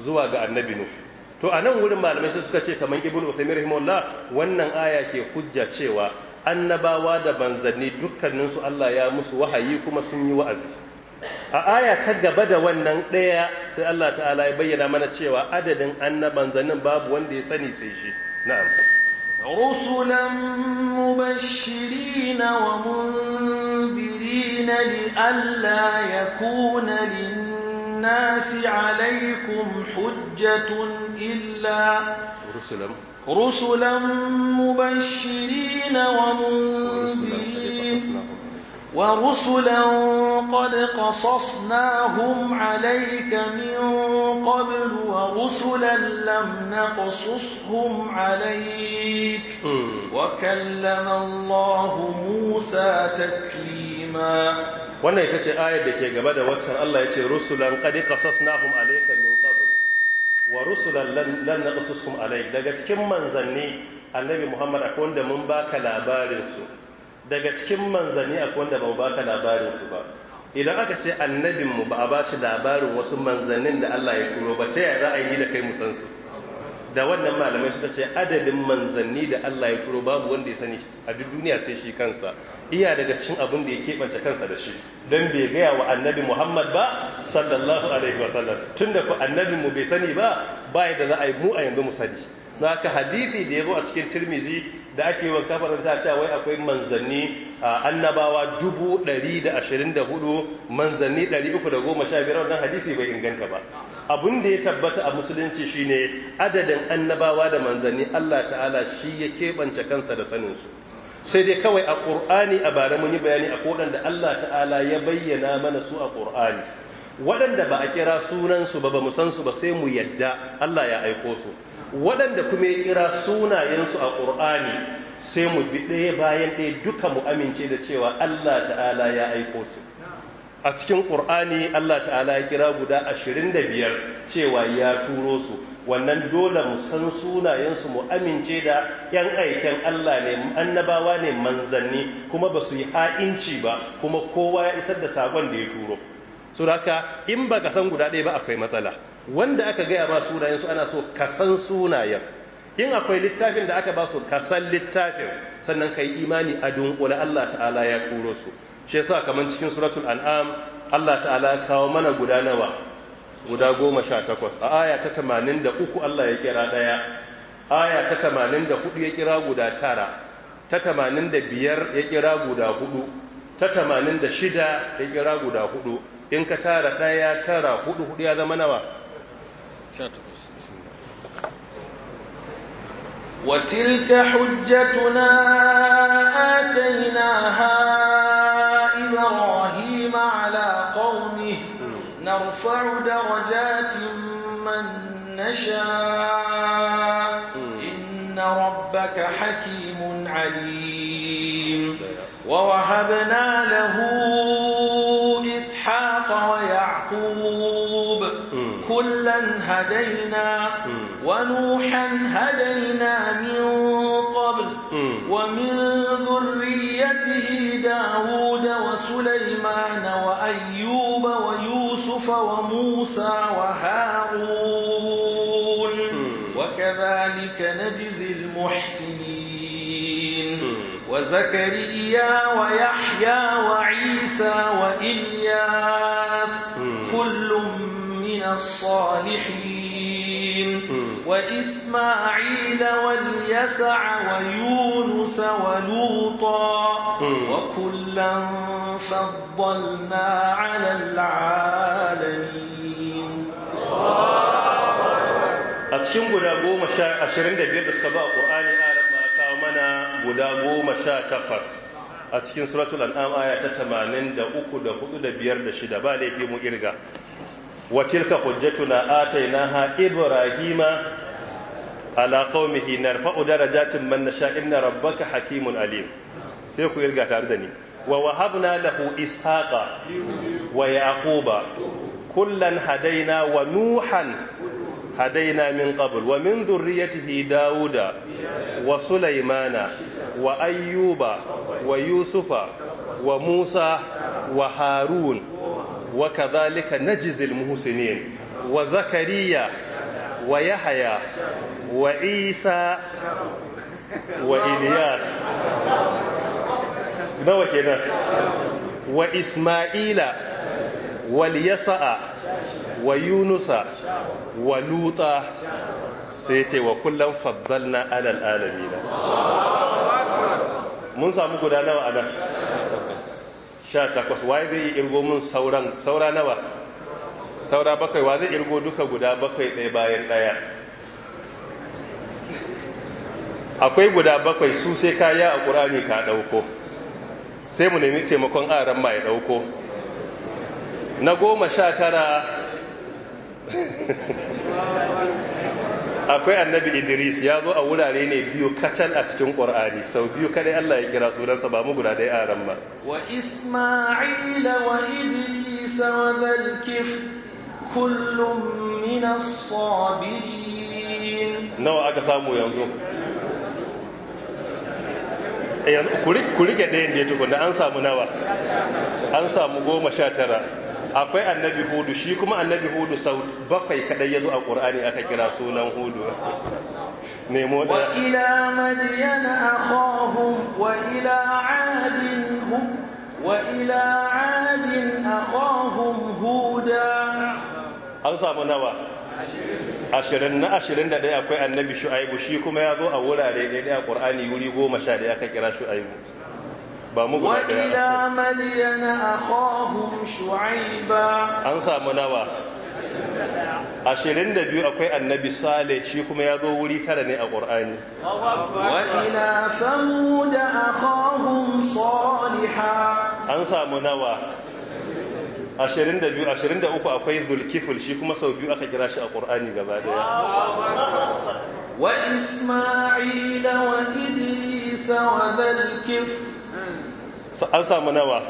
zuwa ga annabi Nuhu to a nan wurin malamai sai suka ce kamar ibn uthaymin rahimahullah wannan aya ke hujja cewa annabawa da banzanni dukkanin su Allah ya musu wahayi kuma sun yi wa'azi a aya ta gaba da wannan daya sai Allah ta'ala ya bayyana mana cewa adadin annaban babu wanda ya sani sai shi na'am رسلا مبشرين ومنذرين لئلا يكون للناس الناس عليكم حجة إلا رسلا رسلا مبشرين ومنذرين ورسلا قد قصصناهم عليك من قبل ورسلا لم نقصصهم عليك وكلم الله موسى تكليما wannan ita ce ayar da ke gaba da waccan Allah ya ce rusulan qad qasasnahum alayka min qabl wa rusulan lan naqsusum alayk daga cikin manzanni annabi Muhammad akwai wanda mun baka labarin daga cikin manzanni akwai wanda ba baka labarinsu ba idan aka ce annabin mu ba a bashi labarin wasu manzannin da Allah ya turo ba ta yaya za a yi da kai mu san su da wannan malamai suka ce adadin manzanni da Allah ya turo babu wanda ya sani a duk duniya sai shi kansa iya daga cikin abin da ya keɓance kansa da shi don bai gaya wa annabi Muhammad ba sallallahu alaihi wasallam tun da ku annabin mu bai sani ba ba da za a yi mu a yanzu mu sani na ka hadithi da ya zo a cikin tirmizi da ake yi wa ta cewa wai akwai manzanni annabawa dubu ɗari da ashirin da hudu manzanni ɗari uku da goma sha biyar wannan hadisi bai inganta ba Abin da ya tabbata a musulunci shine adadin annabawa da manzanni Allah ta'ala shi ya keɓance kansa da saninsu. sai dai kawai a ƙur'ani a bara mun yi bayani a kodan da Allah ta'ala ya bayyana mana su a ƙur'ani waɗanda ba a kira sunansu ba ba mu san su ba sai mu yadda Allah ya aiko su waɗanda kuma ya kira sunayensu a ƙur'ani sai mu bi ɗaya bayan ɗaya duka mu amince da cewa Allah ta'ala ya aiko su a cikin ƙur'ani Allah ta'ala ya kira guda 25 cewa ya turo su wannan dole mu san sunayensu mu amince da 'yan aikin Allah ne annabawa ne manzanni kuma ba su yi ha'inci ba kuma kowa ya isar da sakon da ya turo su haka in ba ka san guda ɗaya ba akwai matsala wanda aka gaya ma sunayensu ana so kasan san sunayen in akwai littafin da aka ba su ka littafin sannan ka yi imani a dunkula Allah ta'ala ya turo su shi sa kamar cikin suratul an'am Allah ta'ala kawo mana guda nawa guda goma sha takwas a aya ta tamanin da uku Allah ya kira ɗaya aya ta tamanin da hudu ya kira guda tara ta tamanin da biyar ya kira guda hudu ta tamanin da shida ya kira guda hudu in ka tara ɗaya tara hudu hudu ya zama nawa وتلك حجتنا آتيناها نرفع درجات من نشاء إن ربك حكيم عليم طيب. ووهبنا له إسحاق ويعقوب كلا هدينا ونوحا هدينا موسى وهارون وكذلك نجزي المحسنين وزكريا ويحيى وعيسى وإلياس كل من الصالحين وإسماعيل واليسع ويونس ولوطا وكلا فضلنا على العالمين a cikin guda goma sha ashirin da biyar da suka ba a ƙur'ani a rama mana guda goma sha takwas a cikin suratul an'am aya ta tamanin da uku da hudu da biyar da shida ba laifi mu irga na na na ha ibrahima ala qaumihi narfa'u darajatin man nasha inna rabbaka hakimun alim sai ku irga tare da ni wa wahabna lahu ishaqa wa yaquba kullan hadaina wa nuhan hadaina min qabl wa min dhurriyyatihi dauda wa sulaymana wa ayyuba wa yusufa wa musa wa harun wa kadhalika najzi almuhsinin wa zakariya wa yahya wa isa wa ilyas nawa kenan wa isma'ila wal yasa'a wa yunusa wa luta sai ce wa kullum na alal alamina mun samu guda nawa a nan sha takwas wa zai yi irgo mun sauran saura nawa saura bakwai wa zai irgo duka guda bakwai ɗaya bayan ɗaya akwai guda bakwai su sai kaya a ƙura ne ka ɗauko sai mu nemi taimakon aran ma ya ɗauko na goma sha tara akwai annabi idris ya zo a wurare ne biyu kacal a cikin ƙwar'ani sau biyu kadai allah ya kira sunansa ba mu guda ɗaya a ran ba wa isma'ila wa idris wa zalkif kullum mina sabirin nawa aka samu yanzu eh, ku rike ɗayan da ya tukuna an samu nawa an samu goma sha tara akwai annabi hudu shi kuma annabi hudu sau bakwai kadai yazo a qur'ani aka kira sunan hudu nemo da wa ila madyan akhahum wa ila adin hum wa ila adin akhahum huda an samu nawa ashirin na ashirin da ɗaya akwai annabi shu'aibu shi kuma ya zo a wurare ɗaya a qur'ani wuri goma sha ɗaya aka kira shu'aibu ba mu guda daya ila madiyana akhahum shu'aiba an samu nawa ashirin da biyu akwai annabi saleh shi kuma ya zo wuri tara ne a qur'ani wa ila samud akhahum salihah an samu nawa ashirin ashirin da biyu da uku akwai zulkiful shi kuma sau biyu aka kira shi a ƙur'ani gaba daya wa isma'ila wa Idris wa zulkiful an samu nawa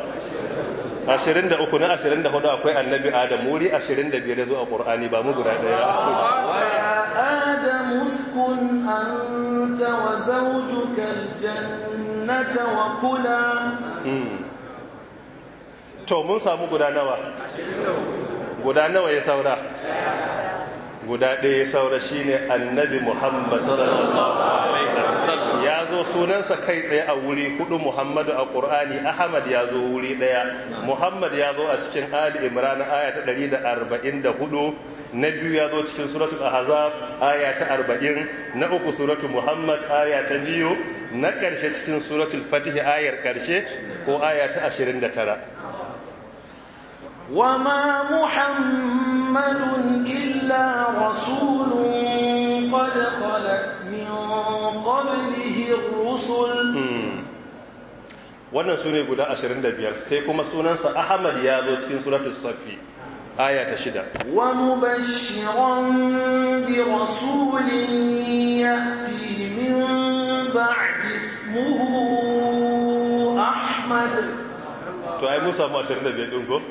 23 na 24 akwai annabi adam wuri 25 ya zo a ƙur'ani ba mu guda ɗaya hmm. to mun samu guda nawa guda nawa ya saura guda ɗaya ya saura shine annabi muhammad sallallahu alaihi zo sunansa kai tsaye a wuri hudu muhammadu a ƙur'ani ahmad ya zo wuri ɗaya muhammad ya zo a cikin ali imran aya ta 144 na biyu ya zo cikin suratul ahzab aya ta 40 na uku suratu muhammad aya ta biyu na ƙarshe cikin suratul fatih ayar ƙarshe ko aya ta 29 وما محمد إلا رسول قد خلت من قبله الرسل hmm. wannan sune guda 25 sai kuma sunansa Ahmad ya zo cikin suratul Safi aya ta 6 wa mubashshiran bi rasulin yati min ba'di ismuhu Ahmad to ai musa mu 25 din ko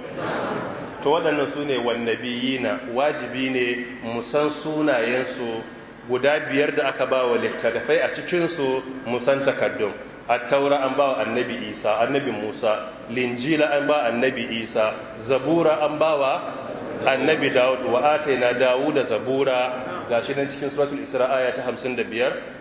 to waɗannan sune wannabiyina wajibi ne mu san sunayensu guda biyar da aka ba wa littattafai a cikinsu musan takaddun attaura an ba wa annabi isa annabi musa linjila an ba annabi isa zabura an ba wa annabi dawud wa ataina dawuda zabura gashi nan cikin suratul isra aya ta 55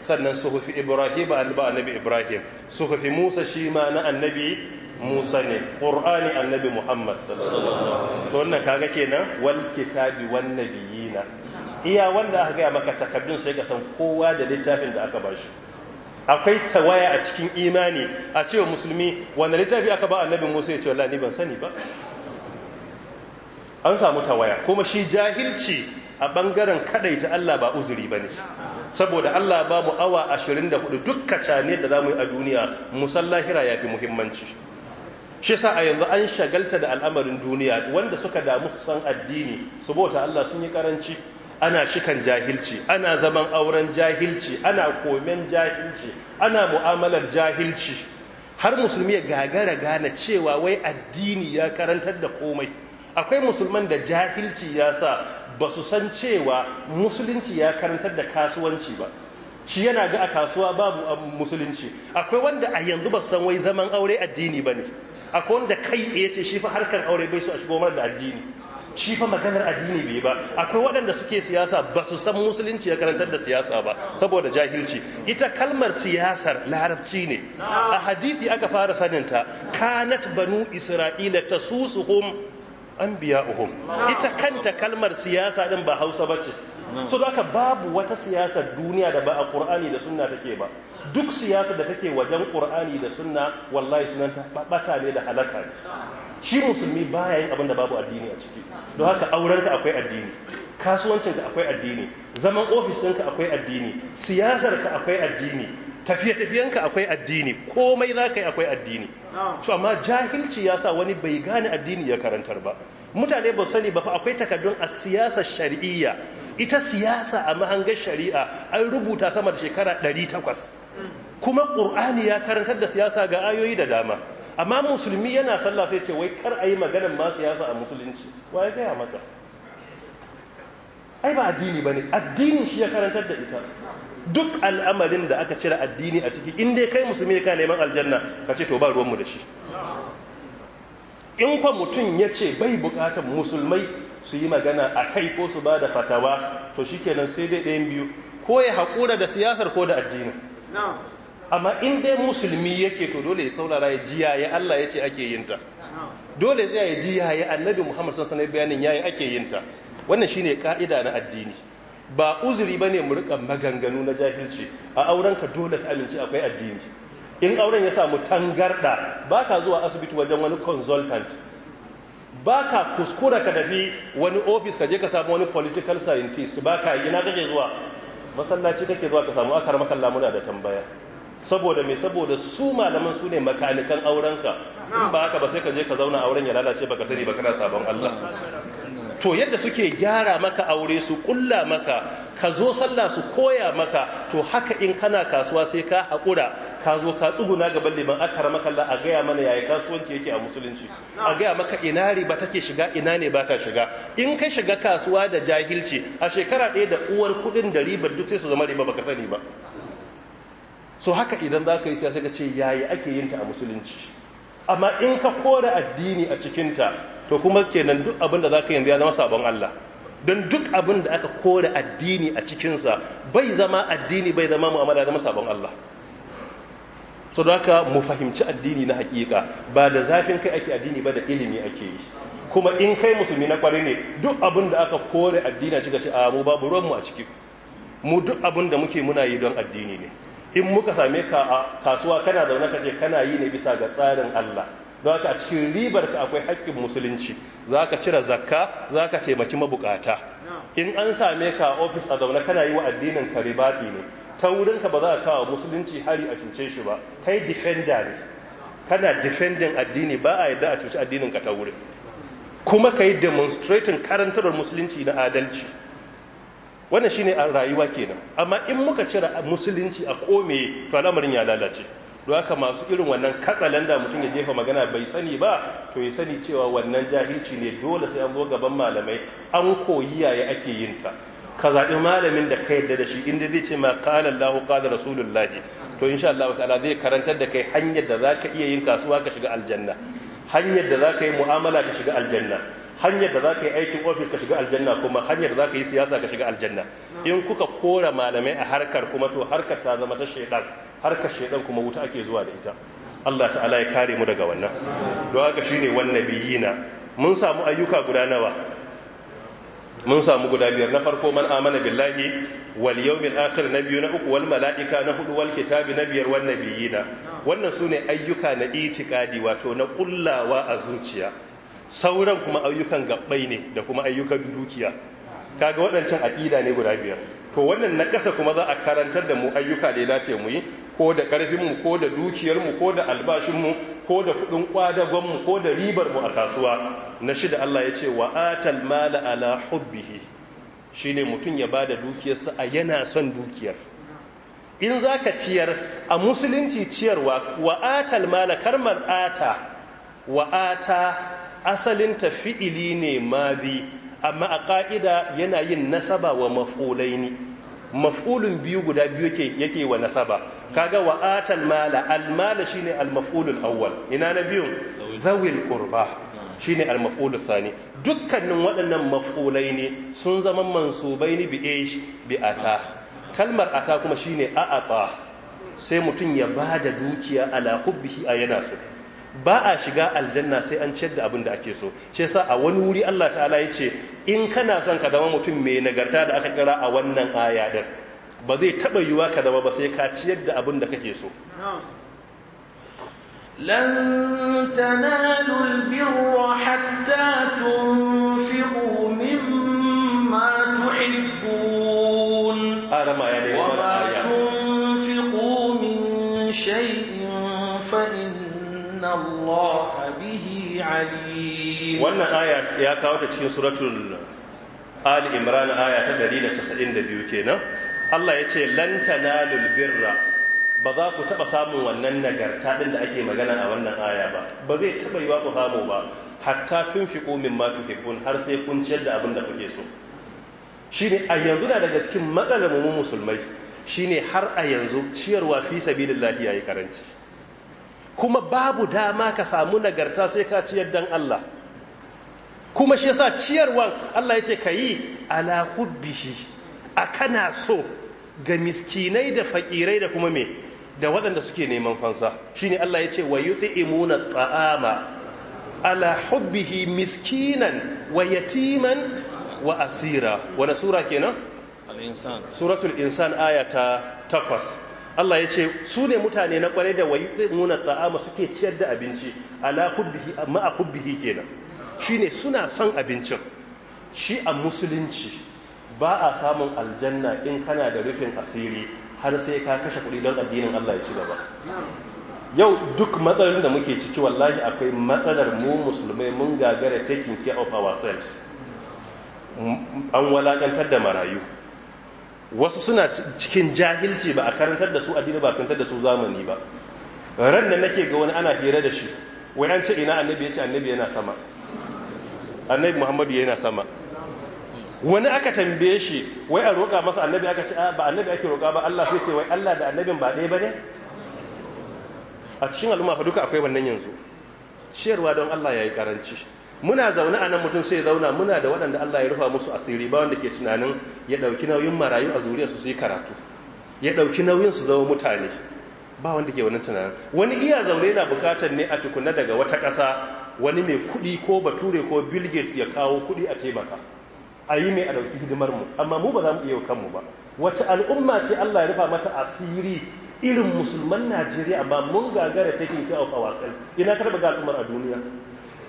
sannan suhufi ibrahim an ba annabi ibrahim suhufi musa shi ma na annabi musa ne qur'ani annabi muhammad sallallahu alaihi wasallam to wannan kaga kenan wal kitabi wan nabiyina iya wanda aka gaya maka takabbin sai ka san kowa da littafin da aka bashi akwai tawaya a cikin imani a cewa musulmi wanda littafi aka ba annabi Musa ya ce wallahi ni ban sani ba an samu tawaya kuma shi jahilci a bangaren kadaita Allah ba uzuri bane saboda Allah ba mu awa 24 dukkan cane da zamu yi a duniya musallahira yafi muhimmanci shi yasa a yanzu an shagalta da al'amarin duniya wanda suka damu su san addini saboda Allah sun yi karanci ana shikan jahilci ana zaman auren jahilci ana komen jahilci ana mu'amalar jahilci har musulmi ya gagara gane cewa wai addini ya karantar da komai akwai musulman da jahilci ya sa ba su san cewa musulunci ya karantar da kasuwanci ba shi yana ga a kasuwa babu um, musulunci akwai wanda a yanzu ba san wai zaman aure addini ba ne akwai wanda kai tsaye ce shi fa harkar aure bai su a shigo mara da addini shi fa maganar addini bai ba akwai waɗanda suke siyasa ba su san musulunci ya karantar da siyasa ba saboda jahilci ita kalmar siyasar larabci ne a hadithi aka fara saninta kanat banu isra'ila tasusuhum anbiya'uhum ita kanta kalmar siyasa din ba hausa ba ce. so da babu wata siyasar duniya da ba a ƙur'ani da suna take ba duk siyasar da take wajen ƙur'ani da suna wallahi ta bata ne da halaka ne shi musulmi baya yin abin da babu addini a ciki don haka aurenka akwai addini kasuwancinka akwai addini zaman ofis ɗinka akwai addini siyasarka akwai addini tafiye-tafiyenka akwai addini komai za ka yi akwai addini su amma jahilci ya sa wani bai gane addini ya karantar ba mutane ba sani ba fa akwai takaddun a siyasar shari'iyya ita siyasa a mahangar shari'a an rubuta sama da shekara 800 kuma ƙur'ani ya karantar da siyasa ga ayoyi da dama amma musulmi yana sallah sai ce wai kar a yi maganar ma siyasa a musulunci wa ya gaya maka ai ba addini ba ne addini shi ya karantar da ita duk al'amarin da aka cire addini a ciki inda kai musulmi ka neman aljanna ka ce to ba ruwanmu da shi in kwa mutum ya ce bai bukatar musulmai su yi magana a kai ko su ba da fatawa to shi kenan sai dai ɗayan biyu ko ya haƙura da siyasar ko da addini. amma in dai musulmi yake to dole ya saurara ya ji yaya Allah ya ce ake yin ta dole zai ya ji yaya annabi Muhammad sallallahu alaihi bayanin yaya ake yin ta wannan shine ka'ida na addini ba uzuri bane mu rika maganganu na jahilci a auren ka dole ka amince akwai addini in auren ya samu tangarda ba ka zuwa asibiti wajen wani consultant ba ka kuskura ka dafi wani ofis ka je ka samu wani political scientist ba ka yi na kake zuwa masallaci kake zuwa ka samu akar makalla muna da tambaya saboda mai saboda su malaman su ne makanikan aurenka in ba haka ba sai ka je ka zauna auren ya lalace ba ka sani ba kana sabon Allah to yadda suke gyara maka aure su kulla maka ka zo sallah su koya maka to haka in kana kasuwa sai ka haƙura ka zo ka tsuguna gaban liman akara maka Allah a gaya mana yaya kasuwanci yake a musulunci a gaya maka ina riba take shiga ina ne ba shiga in ka shiga kasuwa da jahilci a shekara ɗaya da uwar kuɗin da ribar duk sai su zama riba baka sani ba so haka idan za ka yi siyasa ka ce yayi ake yin ta a musulunci amma in ka kora addini a cikinta to kuma kenan duk abin da zaka yanzu ya zama sabon Allah don duk abin da aka kore addini a cikinsa bai zama addini bai zama mu'amala zama sabon Allah so da aka mu fahimci addini na hakika ba da zafin kai ake addini ba da ilimi ake yi kuma in kai musulmi na kwarai ne duk abin da aka kore addini a cika ci a mu babu ruwanmu a ciki mu duk abin da muke muna yi don addini ne in muka same ka kasuwa kana zaune ka ce kana yi ne bisa ga tsarin Allah don haka a cikin ribar ka akwai haƙƙin musulunci za ka cire zakka za ka taimaki mabukata in an same ka ofis a zaune kana yi wa addinin ka ribaɗi ne ta wurin ba za ka kawo musulunci hari a cuce shi ba kai defender ne kana defending addini ba a yadda a cuci addinin ka ta wurin kuma ka yi demonstrating karantar musulunci na adalci wannan shine a rayuwa kenan amma in muka cire musulunci a kome to al'amarin ya lalace don haka masu irin wannan da mutum ya jefa magana bai sani ba to ya sani cewa wannan jahilci ne dole sai an zo gaban malamai an koyi yaya ake yin ta ka zaɓi malamin da ka yarda da shi inda zai ce ma qala Allahu qala rasulullah to insha Allah ta'ala zai karantar da kai hanyar da za ka iya yin kasuwa ka shiga aljanna hanyar da za ka yi mu'amala ka shiga aljanna hanyar da za ka yi aikin ofis ka shiga aljanna kuma hanyar da za ka yi siyasa ka shiga aljanna in kuka kora malamai a harkar kuma to harkar ta zama ta shaidan harkar shaidan kuma wuta ake zuwa da ita Allah ta'ala ya kare mu daga wannan don haka shine wannabiyina mun samu ayyuka guda nawa mun samu guda biyar na farko man amana billahi wal yawmil akhir na biyu na uku wal mala'ika na hudu wal kitabi na biyar wan nabiyina wannan sune ayyuka na itikadi wato na kullawa a zuciya sauran kuma ayyukan gabbai ne da kuma ayyukan dukiya kaga waɗancan aqida ne guda biyar to wannan na ƙasa kuma za a karantar da mu ayyuka da ya dace mu yi ko da ƙarfinmu ko da dukiyarmu ko da albashinmu ko da kuɗin ƙwadagonmu ko da ribarmu a kasuwa na shida Allah ya ce wa atal mala ala hubbihi shine mutum ya ba da dukiyarsa a yana son dukiyar in za ka ciyar a musulunci ciyarwa wa atal mala karmar ata wa ata asalinta fi'ili ne madi amma a ƙa'ida yana yin nasaba wa maf'ulai ne maf'ulun biyu guda biyu yake wa nasaba kaga wa atan mala al mala shine al awwal ina na biyun zawil qurba shine al sani dukkanin waɗannan maf'ulai ne sun zama ni bi ish bi ata kalmar ata kuma shine a'ata sai mutum ya ba da dukiya ala hubbihi a yana so ba a shiga aljanna sai an ciyar da abin da ake so shi yasa a wani wuri Allah ta'ala ya ce in kana son ka zama mutum mai nagarta da aka kira a wannan aya din ba zai taba yiwa ka zama ba sai ka ciyar da abin da kake so lan tanalul birra hatta tunfiqu wannan aya ya kawo ta cikin suratul ali imran aya ta 192 kenan Allah ya ce lan tanalul birra ba za ku taba samun wannan nagarta din da ake magana a wannan aya ba ba zai taba yiwa ku samu ba hatta tunfiqu mimma tuhibbun har sai kun ciyar da abin da kuke so shine a yanzu da daga cikin matsalar mu musulmai shine har a yanzu ciyarwa fi sabilillahi yi karanci kuma babu dama ka samu nagarta sai ka ciyar dan Allah kuma shi yasa ciyarwan Allah yace kayi ala hubbihi a kana so ga miskinai da fakirai da kuma me da waɗanda suke neman fansa shine Allah yace wa imuna ta'ama ala hubbihi miskinan wa yatiman wa asira wani sura kenan suratul insan ayata 8. Allah ya ce su ne mutane na kware da wayu nuna ta'ama suke ciyar da abinci ala kubbihi amma a kubbihi kenan shine suna son abincin shi a musulunci ba a samun aljanna in kana da rufin asiri har sai ka kashe kuɗi don addinin Allah ya ci gaba yau duk matsalar da muke ciki wallahi akwai matsalar mu musulmai mun gagara taking care of ourselves an walakantar da marayu wasu suna cikin jahilci ba a karantar da su addini ba a karantar da su zamani ba ran da nake ga wani ana hira da shi wai an ce ina annabi ya ce annabi yana sama annabi muhammadu yana sama wani aka tambaye shi wai a roƙa masa annabi aka ce ah, ba annabi ake roƙa ba Allah sai ce wai Allah da annabin ba ɗaya bane a cikin al'umma fa duka akwai wannan yanzu ciyarwa don Allah yayi karanci muna zaune a nan mutum sai zauna muna da waɗanda Allah ya rufa musu asiri ba wanda ke tunanin ya ɗauki nauyin marayu a zuriya su su yi karatu ya ɗauki nauyin su zama mutane ba wanda ke wani tunanin wani iya zaune yana bukatar ne a tukuna daga wata ƙasa wani mai kuɗi ko bature ko bilgate ya kawo kuɗi a taimaka a yi mai a ɗauki hidimar mu amma mu ba za mu iya kanmu ba wace al'umma ce Allah ya rufa mata asiri irin musulman Najeriya amma mun gagara taking care of ourselves ina karɓa ga al'ummar a duniya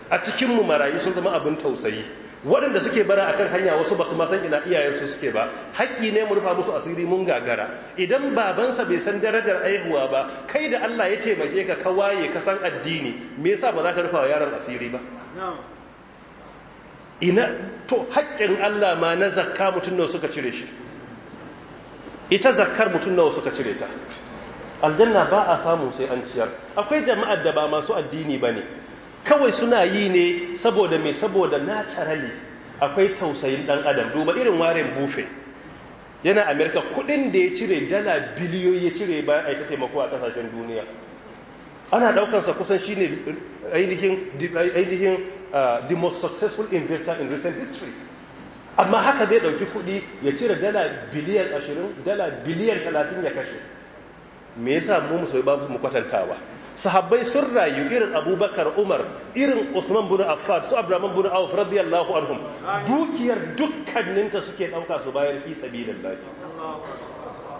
a cikin mu marayu sun zama abin tausayi waɗanda suke bara akan hanya wasu basu ma san ina iyayensu suke ba haƙƙi ne mu rufa musu asiri mun gagara idan babansa bai san darajar aihuwa ba kai da Allah ya taimake ka ka waye ka san addini me yasa ba za ka rufa wa yaron asiri ba ina to haƙƙin Allah ma na zakka mutum nawa suka cire shi ita zakkar mutum nawa suka cire ta aljanna ba a samu sai an ciyar akwai jama'ar da ba masu addini ba ne. kawai suna yi ne saboda mai saboda naturally akwai tausayin ɗan adam duba irin warin bufe yana amerika kudin da ya cire dala biliyoyi ya cire bayan aika taimako a kasashen duniya ana daukansa kusan shine ainihin ainihin the most successful investor in recent history amma haka zai dauki kudi ya cire dala biliyan 20 dala biliyan 30 ya kashe me yasa mu musulmi ba mu kwatantawa sahabbai sun rayu irin abubakar umar irin usman bin affan su abdurrahman bin awf radiyallahu anhum dukiyar dukkaninta suke dauka su bayar fi sabilillah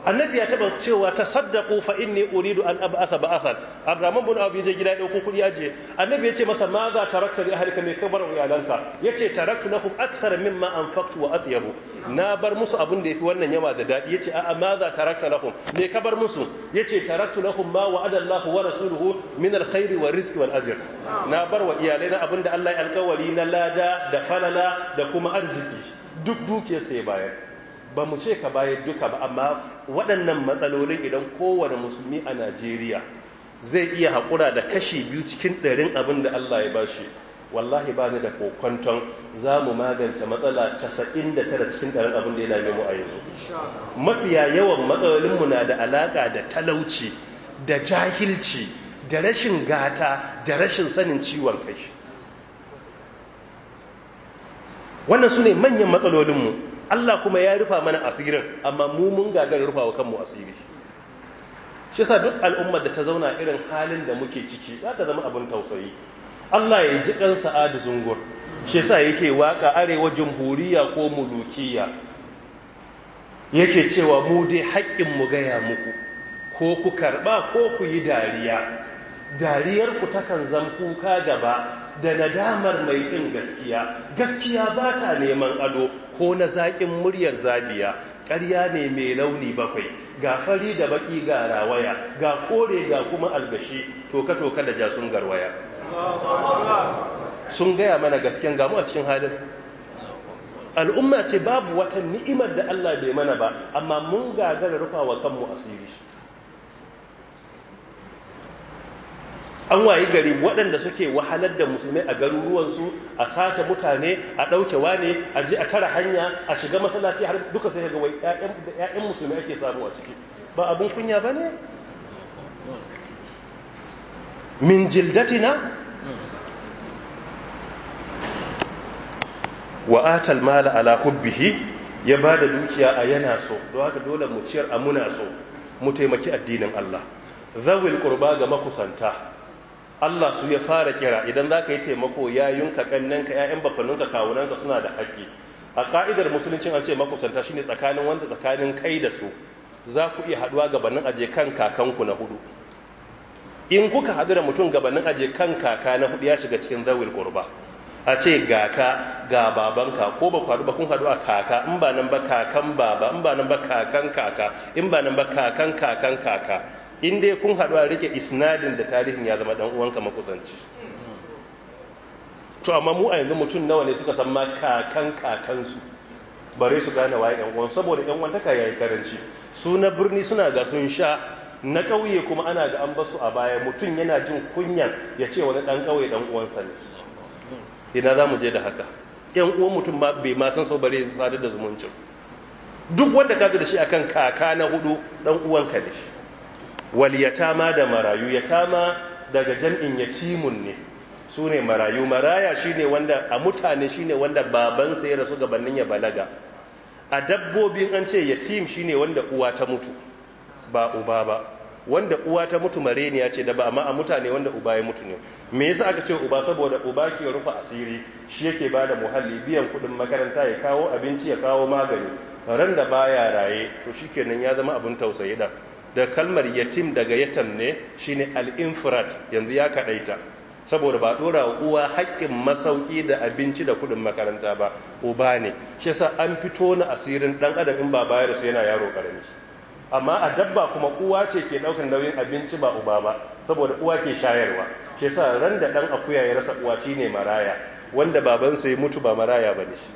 annabi ya taba cewa tasaddaqu fa inni uridu an ab'atha ba'athan abraman bin abi je gida dauko kudi aje annabi ya ce masa ma za tarakta li ahlika mai kabar iyalanka yace taraktu lahum akthar mimma anfaqtu wa atyabu na bar musu abin da yafi wannan yawa da dadi yace a'a ma za tarakta lahum me kabar musu yace taraktu lahum ma wa'ada Allah wa rasuluhu min alkhair wa rizqi wal ajr na bar wa iyalaina abin da Allah ya alkawari na lada da falala da kuma arziki duk duke sai bayar ba mu ce ka bayar duka ba amma waɗannan matsalolin idan kowane musulmi a najeriya zai iya haƙura da kashi biyu cikin ɗarin abin da allah ya bashi wallahi ba ni da kokonton za mu magance matsala 99 cikin ɗarin abin da ya dame mu a yanzu mafiya yawan matsalolinmu na da alaƙa da talauci da jahilci da rashin gata da rashin sanin ciwon kai wannan su ne manyan matsalolinmu Allah kuma ya rufa mana asirin amma mu mun gagara rufa wa kanmu asiri shi sa duk al'ummar da ta zauna irin halin da muke ciki za ta zama abin tausayi Allah ya ji kan sa'adu zungur shi sa yake waka arewa jamhuriya ko mulukiya yake cewa mu dai haƙƙin mu gaya muku ko ku karɓa ko ku yi dariya dariyar ku takan zan kuka gaba da nadamar mai ɗin gaskiya gaskiya ba ta neman ado ko na zaƙin muryar zabiya ƙarya ne mai launi bakwai ga fari da baƙi ga rawaya ga kore ga kuma algashi toka-toka da jasun garwaya sun gaya mana gasken gamu a cikin halin al'umma ce babu wata ni'imar da Allah bai mana ba amma mun gagara rufa wa kanmu asiri an wayi gari waɗanda suke wahalar da musulmai a garuruwansu a sace mutane a ɗauke wane a ji a tara hanya a shiga masallaci har duka sai ga wai ƴaƴan musulmai ake samu a ciki ba abin kunya ba ne min jildatina wa atal mala ala hubbihi ya ba da dukiya a yana so don haka dole mu ciyar a muna so mu taimaki addinin Allah zawil qurba ga makusanta Allah su ya fara kira idan za ka yi taimako yayunka ƙannenka, ‘ya'yan bafanninka kawunanka suna da haƙƙi a ƙa'idar musuluncin an ce makusanta shine tsakanin wanda tsakanin kai da su za ku iya haɗuwa gabanin aje kan kakanku na hudu in kuka haɗu da mutum gabanin aje kan kaka na hudu ya shiga cikin zawil kurba a ce ga ga babanka ko ba haɗu a kaka in ba nan ba kakan kaka in dai kun haɗu a rike isnadin da tarihin ya zama ɗan uwanka makusanci to amma mu a yanzu mutum nawa ne suka san ma kakan kakansu bare su gane waye ɗan uwan saboda ɗan uwan taka yayi karanci su na birni suna ga sun sha na ƙauye kuma ana ga an basu a baya mutum yana jin kunyan ya ce wani ɗan ƙauye ɗan uwansa ne ina za mu je da haka ‘yan uwan mutum ma bai ma san sau bare sadar da zumuncin duk wanda ka da shi akan kaka na hudu ɗan uwanka ne shi wal yatama da marayu yatama daga jam'in yatimun ne su ne marayu maraya shine wanda a mutane shine wanda babansa ya rasu gabanin ya balaga a dabbobin an ce yatim shine wanda uwa ta mutu ba uba ba wanda uwa ta mutu mareniya ce da ba amma a mutane wanda uba ya mutu ne me yasa aka ce uba saboda uba ke rufe asiri shi yake bada muhalli biyan kudin makaranta ya kawo abinci ya kawo magani ran da baya raye to shikenan ya zama abin tausayi da da kalmar yatim daga yatam ne shine al-infrat yanzu ya kaɗaita. saboda ba dora uwa haƙƙin masauki da abinci da kuɗin makaranta ba uba ne shi yasa an fito na asirin ɗan adam in ba bayar su yana yaro karami amma a dabba kuma uwa ce ke ɗaukar nauyin abinci ba uba ba saboda uwa ke shayarwa shi yasa ran da dan akuya ya rasa uwa shine maraya wanda babansa ya mutu ba maraya bane shi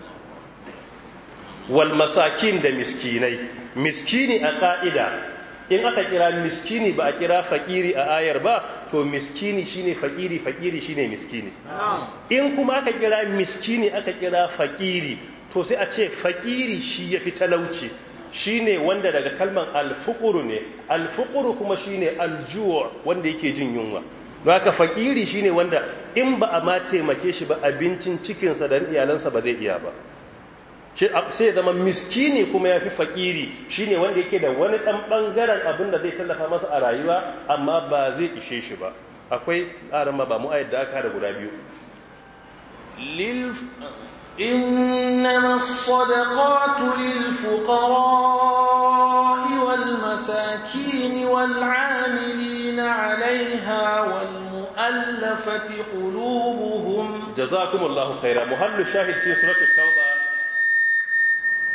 wal masakin da miskinai miskini a ƙa'ida. in aka kira miskini ba a kira fakiri a ayar ba to miskini shine fakiri fakiri shine miskini in kuma aka kira miskini aka kira fakiri to sai a ce fakiri shi ya fi talauci shine wanda daga kalman alfukuru ne alfukuru kuma shine aljuwa wanda yake jin yunwa don haka fakiri shine wanda in ba a ma taimake shi ba abincin cikinsa da iyalansa ba zai iya ba sai zama miskini kuma ya fi fakiri shine wanda yake da wani ɗan ɓangaren abin da zai tallafa masa a rayuwa amma ba zai ishe shi ba akwai tsarin ba mu ayat da aka da guda biyu إنما الصدقات للفقراء والمساكين والعاملين عليها والمؤلفة قلوبهم جزاكم الله خيرا مهل شاهد في سورة التوبة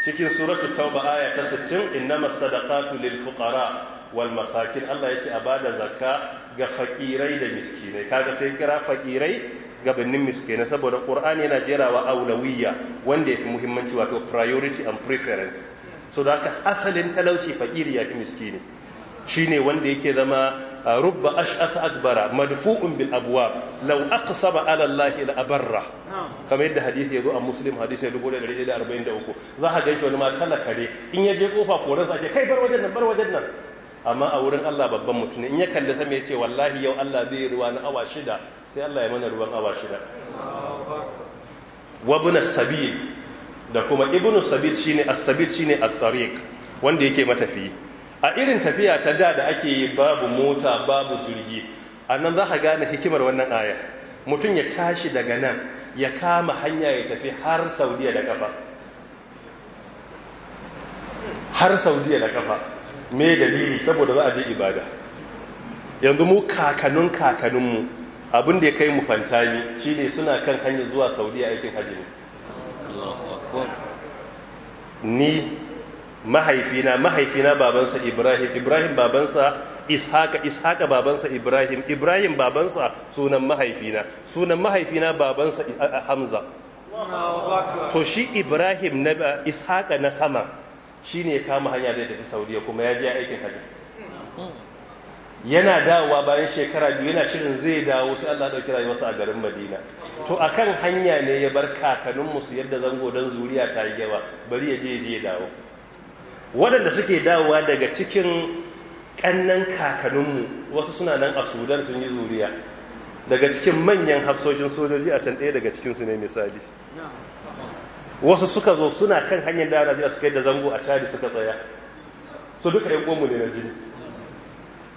cikin suratul tauba aya ta 60 innamas sadaqatu lil fuqara wal masakin Allah yace a bada zakka ga fakirai da miskinai kaga sai kira fakirai ga bannin miskinai saboda qur'ani yana jerawa aulawiyya wanda yafi muhimmanci wato priority and preference so da haka asalin talauci fakiri yafi miskini shine wanda yake zama rubba ash'ath akbara madfu'un bil abwab law aqsama ala allahi la abarra kamar yadda ya zo a muslim hadisi 1143 za ka gaito wani ma kala kare in ya je kofa koran sa ake kai bar wajen nan bar wajen nan amma a wurin Allah babban mutum in ya kalli sama ya ce wallahi yau Allah zai ruwa na awa shida sai Allah ya mana ruwan awa shida wabna sabil da kuma ibnu sabil shine as-sabil shine at-tariq wanda yake matafi a irin tafiya ta da da ake yi babu mota babu jirgi a nan za ka gane hikimar wannan aya mutum ya tashi daga nan ya kama hanya ya tafi har saudiya da kafa har saudiya da kafa me dalili saboda za a je ibada yanzu mu kakanun kakanunmu abin da ya kai mu fantami shine suna kan hanyar zuwa saudiya aikin hajji ne ni mahaifina mahaifina babansa ibrahim ibrahim babansa ishaka ishaka babansa ibrahim ibrahim babansa sunan mahaifina sunan mahaifina babansa eh, eh, hamza to shi ibrahim na eh, ishaka na sama shi ne ya kama hanya zai tafi saudiya kuma ya je aikin hajji yana dawowa bayan shekara biyu yana shirin zai dawo sai Allah dauki rayuwarsa a garin Madina to akan hanya ne ya bar kakanninmu su yadda zango dan zuriya ta yi yawa bari ya je ya dawo waɗanda suke dawowa daga cikin ƙannan kakanninmu wasu suna nan a sudan sun yi zuriya daga cikin manyan hafsoshin sojoji a can ɗaya daga cikinsu ne misali wasu suka zo suna kan hanyar da arabiya suka yi da zango a cari suka tsaya su duka yin ƙonmu ne na jini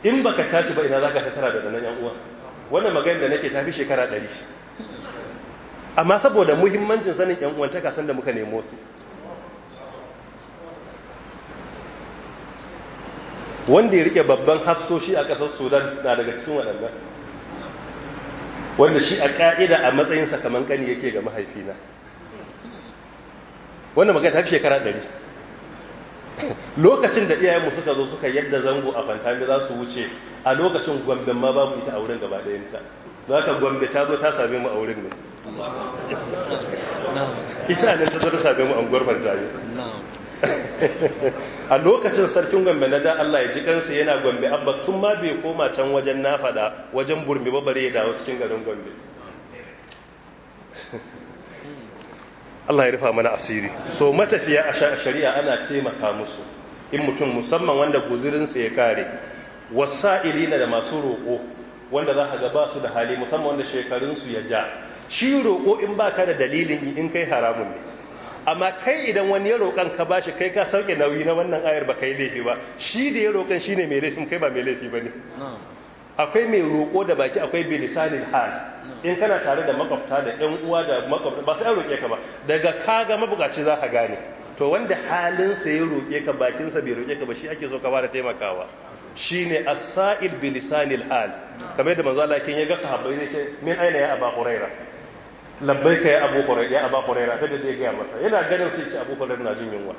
in ba ka tashi ba ina za ka shekara da nan uwa wannan maganin da nake tafi shekara ɗari amma saboda muhimmancin sanin yan ta kasan da muka nemo su wanda ya rike babban hafsoshi a ƙasar sudan na daga cikin waɗannan wanda shi a ƙa'ida a matsayinsa kamar ƙani yake ga mahaifina wanda magana ta shekara ɗari lokacin da iyayenmu suka zo suka yadda zango a fantami za su wuce a lokacin gwamben ma babu ita a wurin gaba ta. za ka gwamgbe ta zo ta same mu a wurin ne ita ne ta zo ta same mu a gwamben ta a lokacin sarkin gombe na da Allah ya ji kansa yana gombe abba tun ma bai koma can wajen na fada wajen burmi ba bare ya dawo cikin garin gombe Allah ya rufa mana asiri so matafiya a shari'a ana taimaka musu in mutum musamman wanda guzurinsa ya kare wasa'ilina da masu roƙo wanda za ka ga ba su da hali musamman wanda shekarunsu ya ja shi roƙo in baka da dalilin in kai haramun ne amma kai idan wani ya roƙan ka bashi kai ka sauke nauyi na wannan ayar ba kai laifi ba shi da ya roƙan shine mai laifin kai ba mai laifi bane akwai mai roƙo da baki akwai bilisanin hal in kana tare da makwabta da ƴan uwa da makwabta ba sai an roƙe ka ba daga kaga mabukaci za ka gane to wanda halinsa ya roƙe ka bakinsa bai roƙe ka ba shi ake so ka fara taimakawa shine as-sa'il bilisanil hal kamar da manzo lakin ya ga sahabbai ne ce min aina ya aba huraira ka ya abu ya abu ta da ya gaya masa yana ganin sai ce abu hurairah na jin yunwa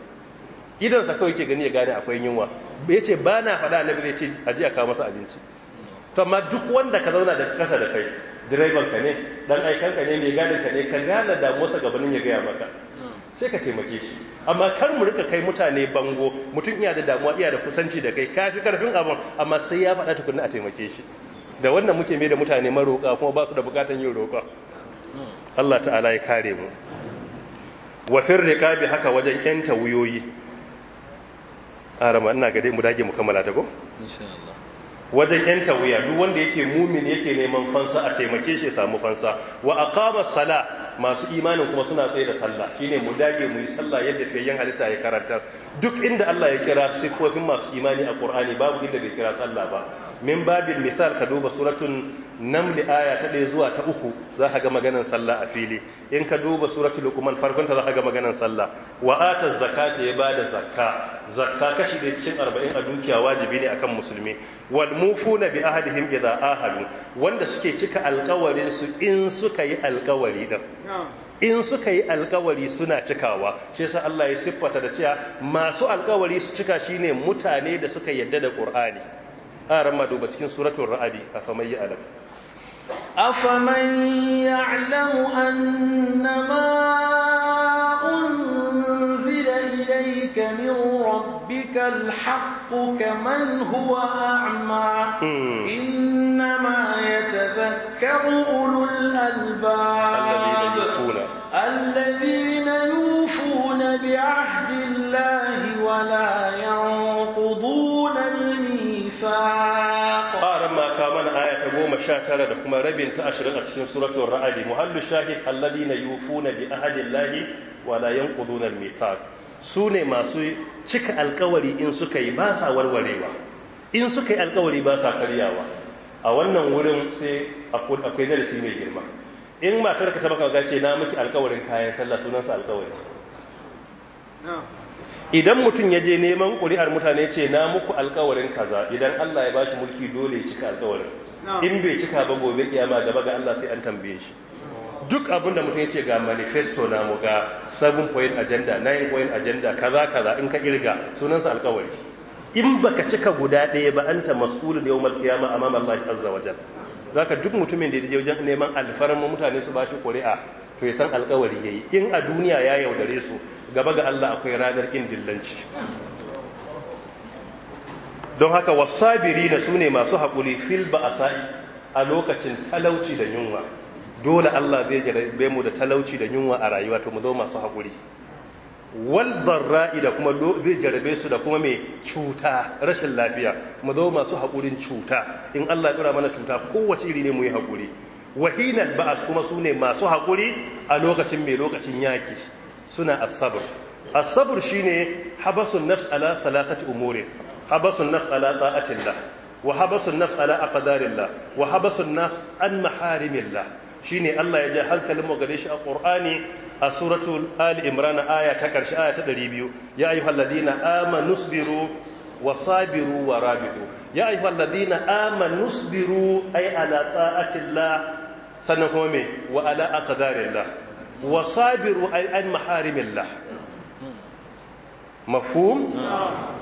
idansa sa kawai ke gani ya gane akwai yunwa ya ce ba na faɗa na zai ce a ji a kawo masa abinci to amma duk wanda ka zauna da kasa da kai direban ka ne dan aikan ka ne mai gadin ka ne ka gane damuwarsa gabanin ya gaya maka sai ka taimake shi amma kar mu rika kai mutane bango mutum iya da damuwa iya da kusanci da kai ka fi karfin abin amma sai ya faɗa tukunna a taimake shi da wannan muke mai da mutane maroƙa kuma ba su da buƙatan yin roƙa Allah ta'ala ya kare mu wafin riƙabi haka wajen yanta wuyoyi a rama ina ga dai mu dage mu kammala ta wajen yanta wuya duk wanda yake mumin yake neman fansa a taimake shi samu fansa wa aqama sala masu imanin kuma suna tsaye da sallah shine mu dage mu yi sallah yadda yan halitta ya karanta duk inda Allah ya kira sifofin masu imani a Qur'ani babu inda bai kira sallah ba min babin misal ka duba suratun namli aya ta ɗaya zuwa ta uku za ka ga maganan sallah a fili in ka duba suratun luqman farkon ta za ka ga maganin sallah wa ata zakata ya bada zakka zakka kashi ɗaya cikin arba'in a dukiya wajibi ne akan musulmi wal mufuna bi ahadihim idza ahadu wanda suke cika alƙawarin su in suka yi alƙawari din in suka yi alkawari suna cikawa shi yasa Allah ya siffata da cewa masu alkawari su cika shine mutane da suka yadda da Qur'ani aran ma duba cikin suratul ra'adi afaman ya'lam afaman ya'lamu annama unzila ilayka min rabbika alhaq kaman huwa a'ma innama yatadhakkaru ulul albab tara da kuma rabin ta ashirin a cikin suratun ra'adi muhallu shahid yufu na bi lahi wa la yanquduna al-mithaq su ne masu cika alkawari in suka yi ba sa warwarewa in suka yi alkawari ba sa karyawa a wannan wurin sai akwai darasi mai girma in matar ka ta baka ga ce na miki alkawarin kayan sallah sunansa alkawari idan mutum ya je neman ƙuri'ar mutane ce na muku alkawarin kaza idan Allah ya bashi mulki dole ya cika alkawarin in bai cika ba gobe kiyama gaba ga Allah sai an tambaye shi duk abin da mutum ya ce ga manifesto na mu ga seven point agenda nine point agenda kaza kaza in ka kirga, sunansa alkawari in baka cika guda ɗaya ba anta mas'ulun yawmal kiyama amama Allah azza wa jalla zaka duk mutumin da ya wajen neman alfarma mutane su bashi ƙuri'a to ya san alkawari yayi in a duniya ya yaudare su gaba ga Allah akwai ranar kin dillanci don haka wasabiri na su ne masu haƙuri fil ba a lokacin talauci da yunwa dole Allah zai jarabe mu da talauci da yunwa a rayuwa to mu zo masu haƙuri wal dharra'i da kuma zai jarabe su da kuma mai cuta rashin lafiya mu zo masu haƙurin cuta in Allah ya mana cuta kowace iri ne mu yi haƙuri wahinal ba'as kuma su ne masu haƙuri a lokacin mai lokacin yaƙi suna asabar asabar shine habasun nafs ala salatati umurin habasun nafs ala ta'atillah wa habasun nafs ala aqdarillah wa habasun nafs an maharimillah shine Allah ya ja hankalin mu gare shi a Qur'ani a suratul Ali Imran aya ta karshe aya ta 200 ya ayyuhalladhina amanu sabiru wa sabiru wa rabitu ya ayyuhalladhina amanu sabiru ay ala ta'atillah sannan kuma me wa ala aqdarillah wa sabiru ay an maharimillah mafhum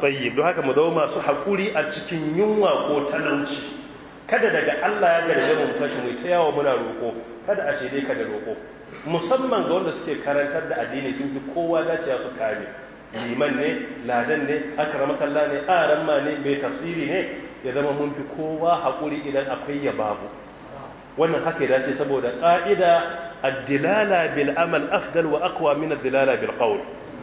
tayyib don haka mu zama masu haƙuri a cikin yunwa ko talauci kada daga Allah ya garje mu tashi mu ta yawo muna roƙo kada a shaidai ka da roƙo musamman ga wanda suke karantar da addini sun fi kowa dace ya su kame liman ne ladan ne akramakalla ne aramma ne mai tafsiri ne ya zama mun fi kowa haƙuri idan akwai ya babu wannan haka ya dace saboda ƙa'ida addilala bil amal afdal wa aqwa min addilala dilala bil qawl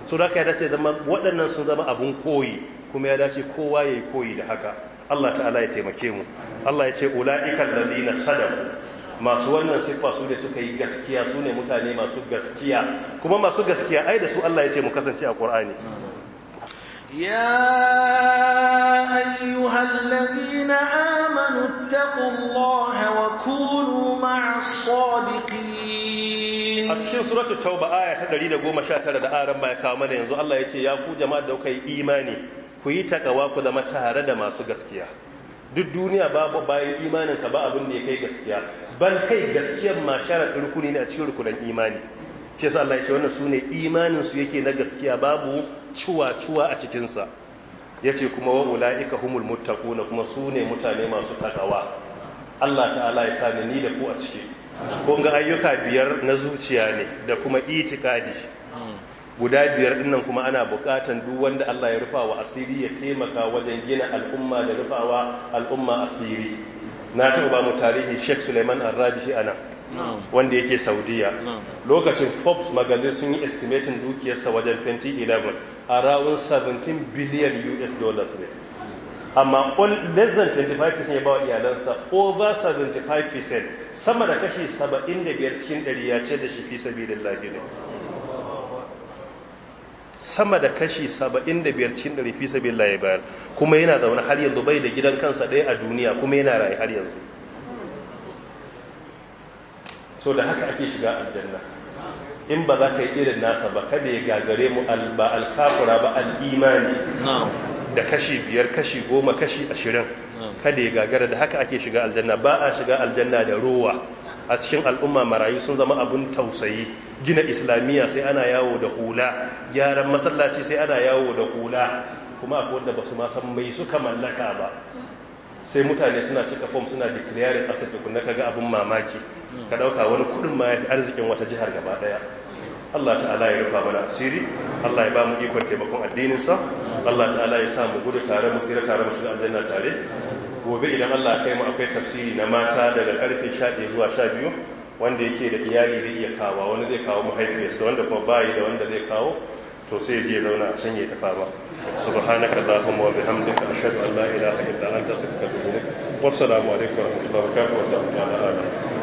so da ka ya dace zama waɗannan sun zama abun koyi kuma ya dace kowa ya yi koyi da haka Allah ta'ala ya taimake mu Allah ya ce ula'ikan ladina sadaq masu wannan siffa su ne suka yi gaskiya su ne mutane masu gaskiya kuma masu gaskiya ai da su Allah ya ce mu kasance a Qur'ani يا أيها Amanu آمنوا اتقوا a cikin suratul tauba aya ta 119 da aran ba ya kawo mana yanzu Allah ya ce ya ku jama'a da kuka yi imani ku yi takawa ku zama tare da masu gaskiya duk duniya babu bayan imanin ka ba abin da ya kai gaskiya ban kai gaskiyar ma sharar rukuni ne a cikin rukunan imani shi yasa Allah ya ce wannan sune imanin su yake na gaskiya babu cuwa cuwa a cikin sa yace kuma wa ulaika humul muttaquna kuma sune mutane masu takawa Allah ta'ala ya sani ni da ku a ciki kun ayyuka biyar na zuciya ne da kuma itikadi guda biyar dinnan kuma ana bukatan duk wanda Allah ya rufa wa asiri ya taimaka wajen gina al'umma da rufawa al'umma asiri na taɓa ba mu tarihi Sheikh Suleiman Arrajihi a nan wanda yake Saudiya lokacin Forbes magazine sun yi estimating dukiyarsa wajen 2011 a rawun 17 billion US dollars ne amma less than 25% ya ba wa iyalansa over 75% sama da kashi 75 cikin 100 ya ce da shi fi sabilillah ne sama da kashi 75 cikin 100 fi sabilillah ya bayar kuma yana zaune har yanzu bai da gidan kansa ɗaya a duniya kuma yana rayu har yanzu so da haka ake shiga aljanna in ba za ka yi irin nasa ba kada ya gagare mu ba alkafura ba al'imani da kashi biyar kashi goma kashi ashirin kada ya gagara da haka ake shiga aljanna ba a shiga aljanna da ruwa a cikin al'umma marayu sun zama abun tausayi gina islamiyya sai ana yawo da hula gyaran masallaci sai ana yawo da hula kuma akwai wanda ba su ma san mai suka mallaka ba sai mutane suna cika fom suna declaring asset da kunna kaga abin mamaki ka dauka wani kudin ma arzikin wata jihar gaba daya Allah ta'ala ya rufa mana asiri Allah ya ba mu ikon taimakon addinin sa Allah ta'ala ya sa mu gudu tare mu tsira tare mu shiga aljanna tare gobe idan Allah ya kai mu akwai tafsiri na mata daga karfe 11 zuwa 12 wanda yake da iyali zai iya kawo wani zai kawo mahaifiyarsa wanda kuma bayi da wanda zai kawo to sai je zauna a can ya tafa ba subhanaka allahumma wa bihamdika ashhadu an la ilaha illa anta astaghfiruka wa atubu wassalamu alaikum wa rahmatullahi wa barakatuh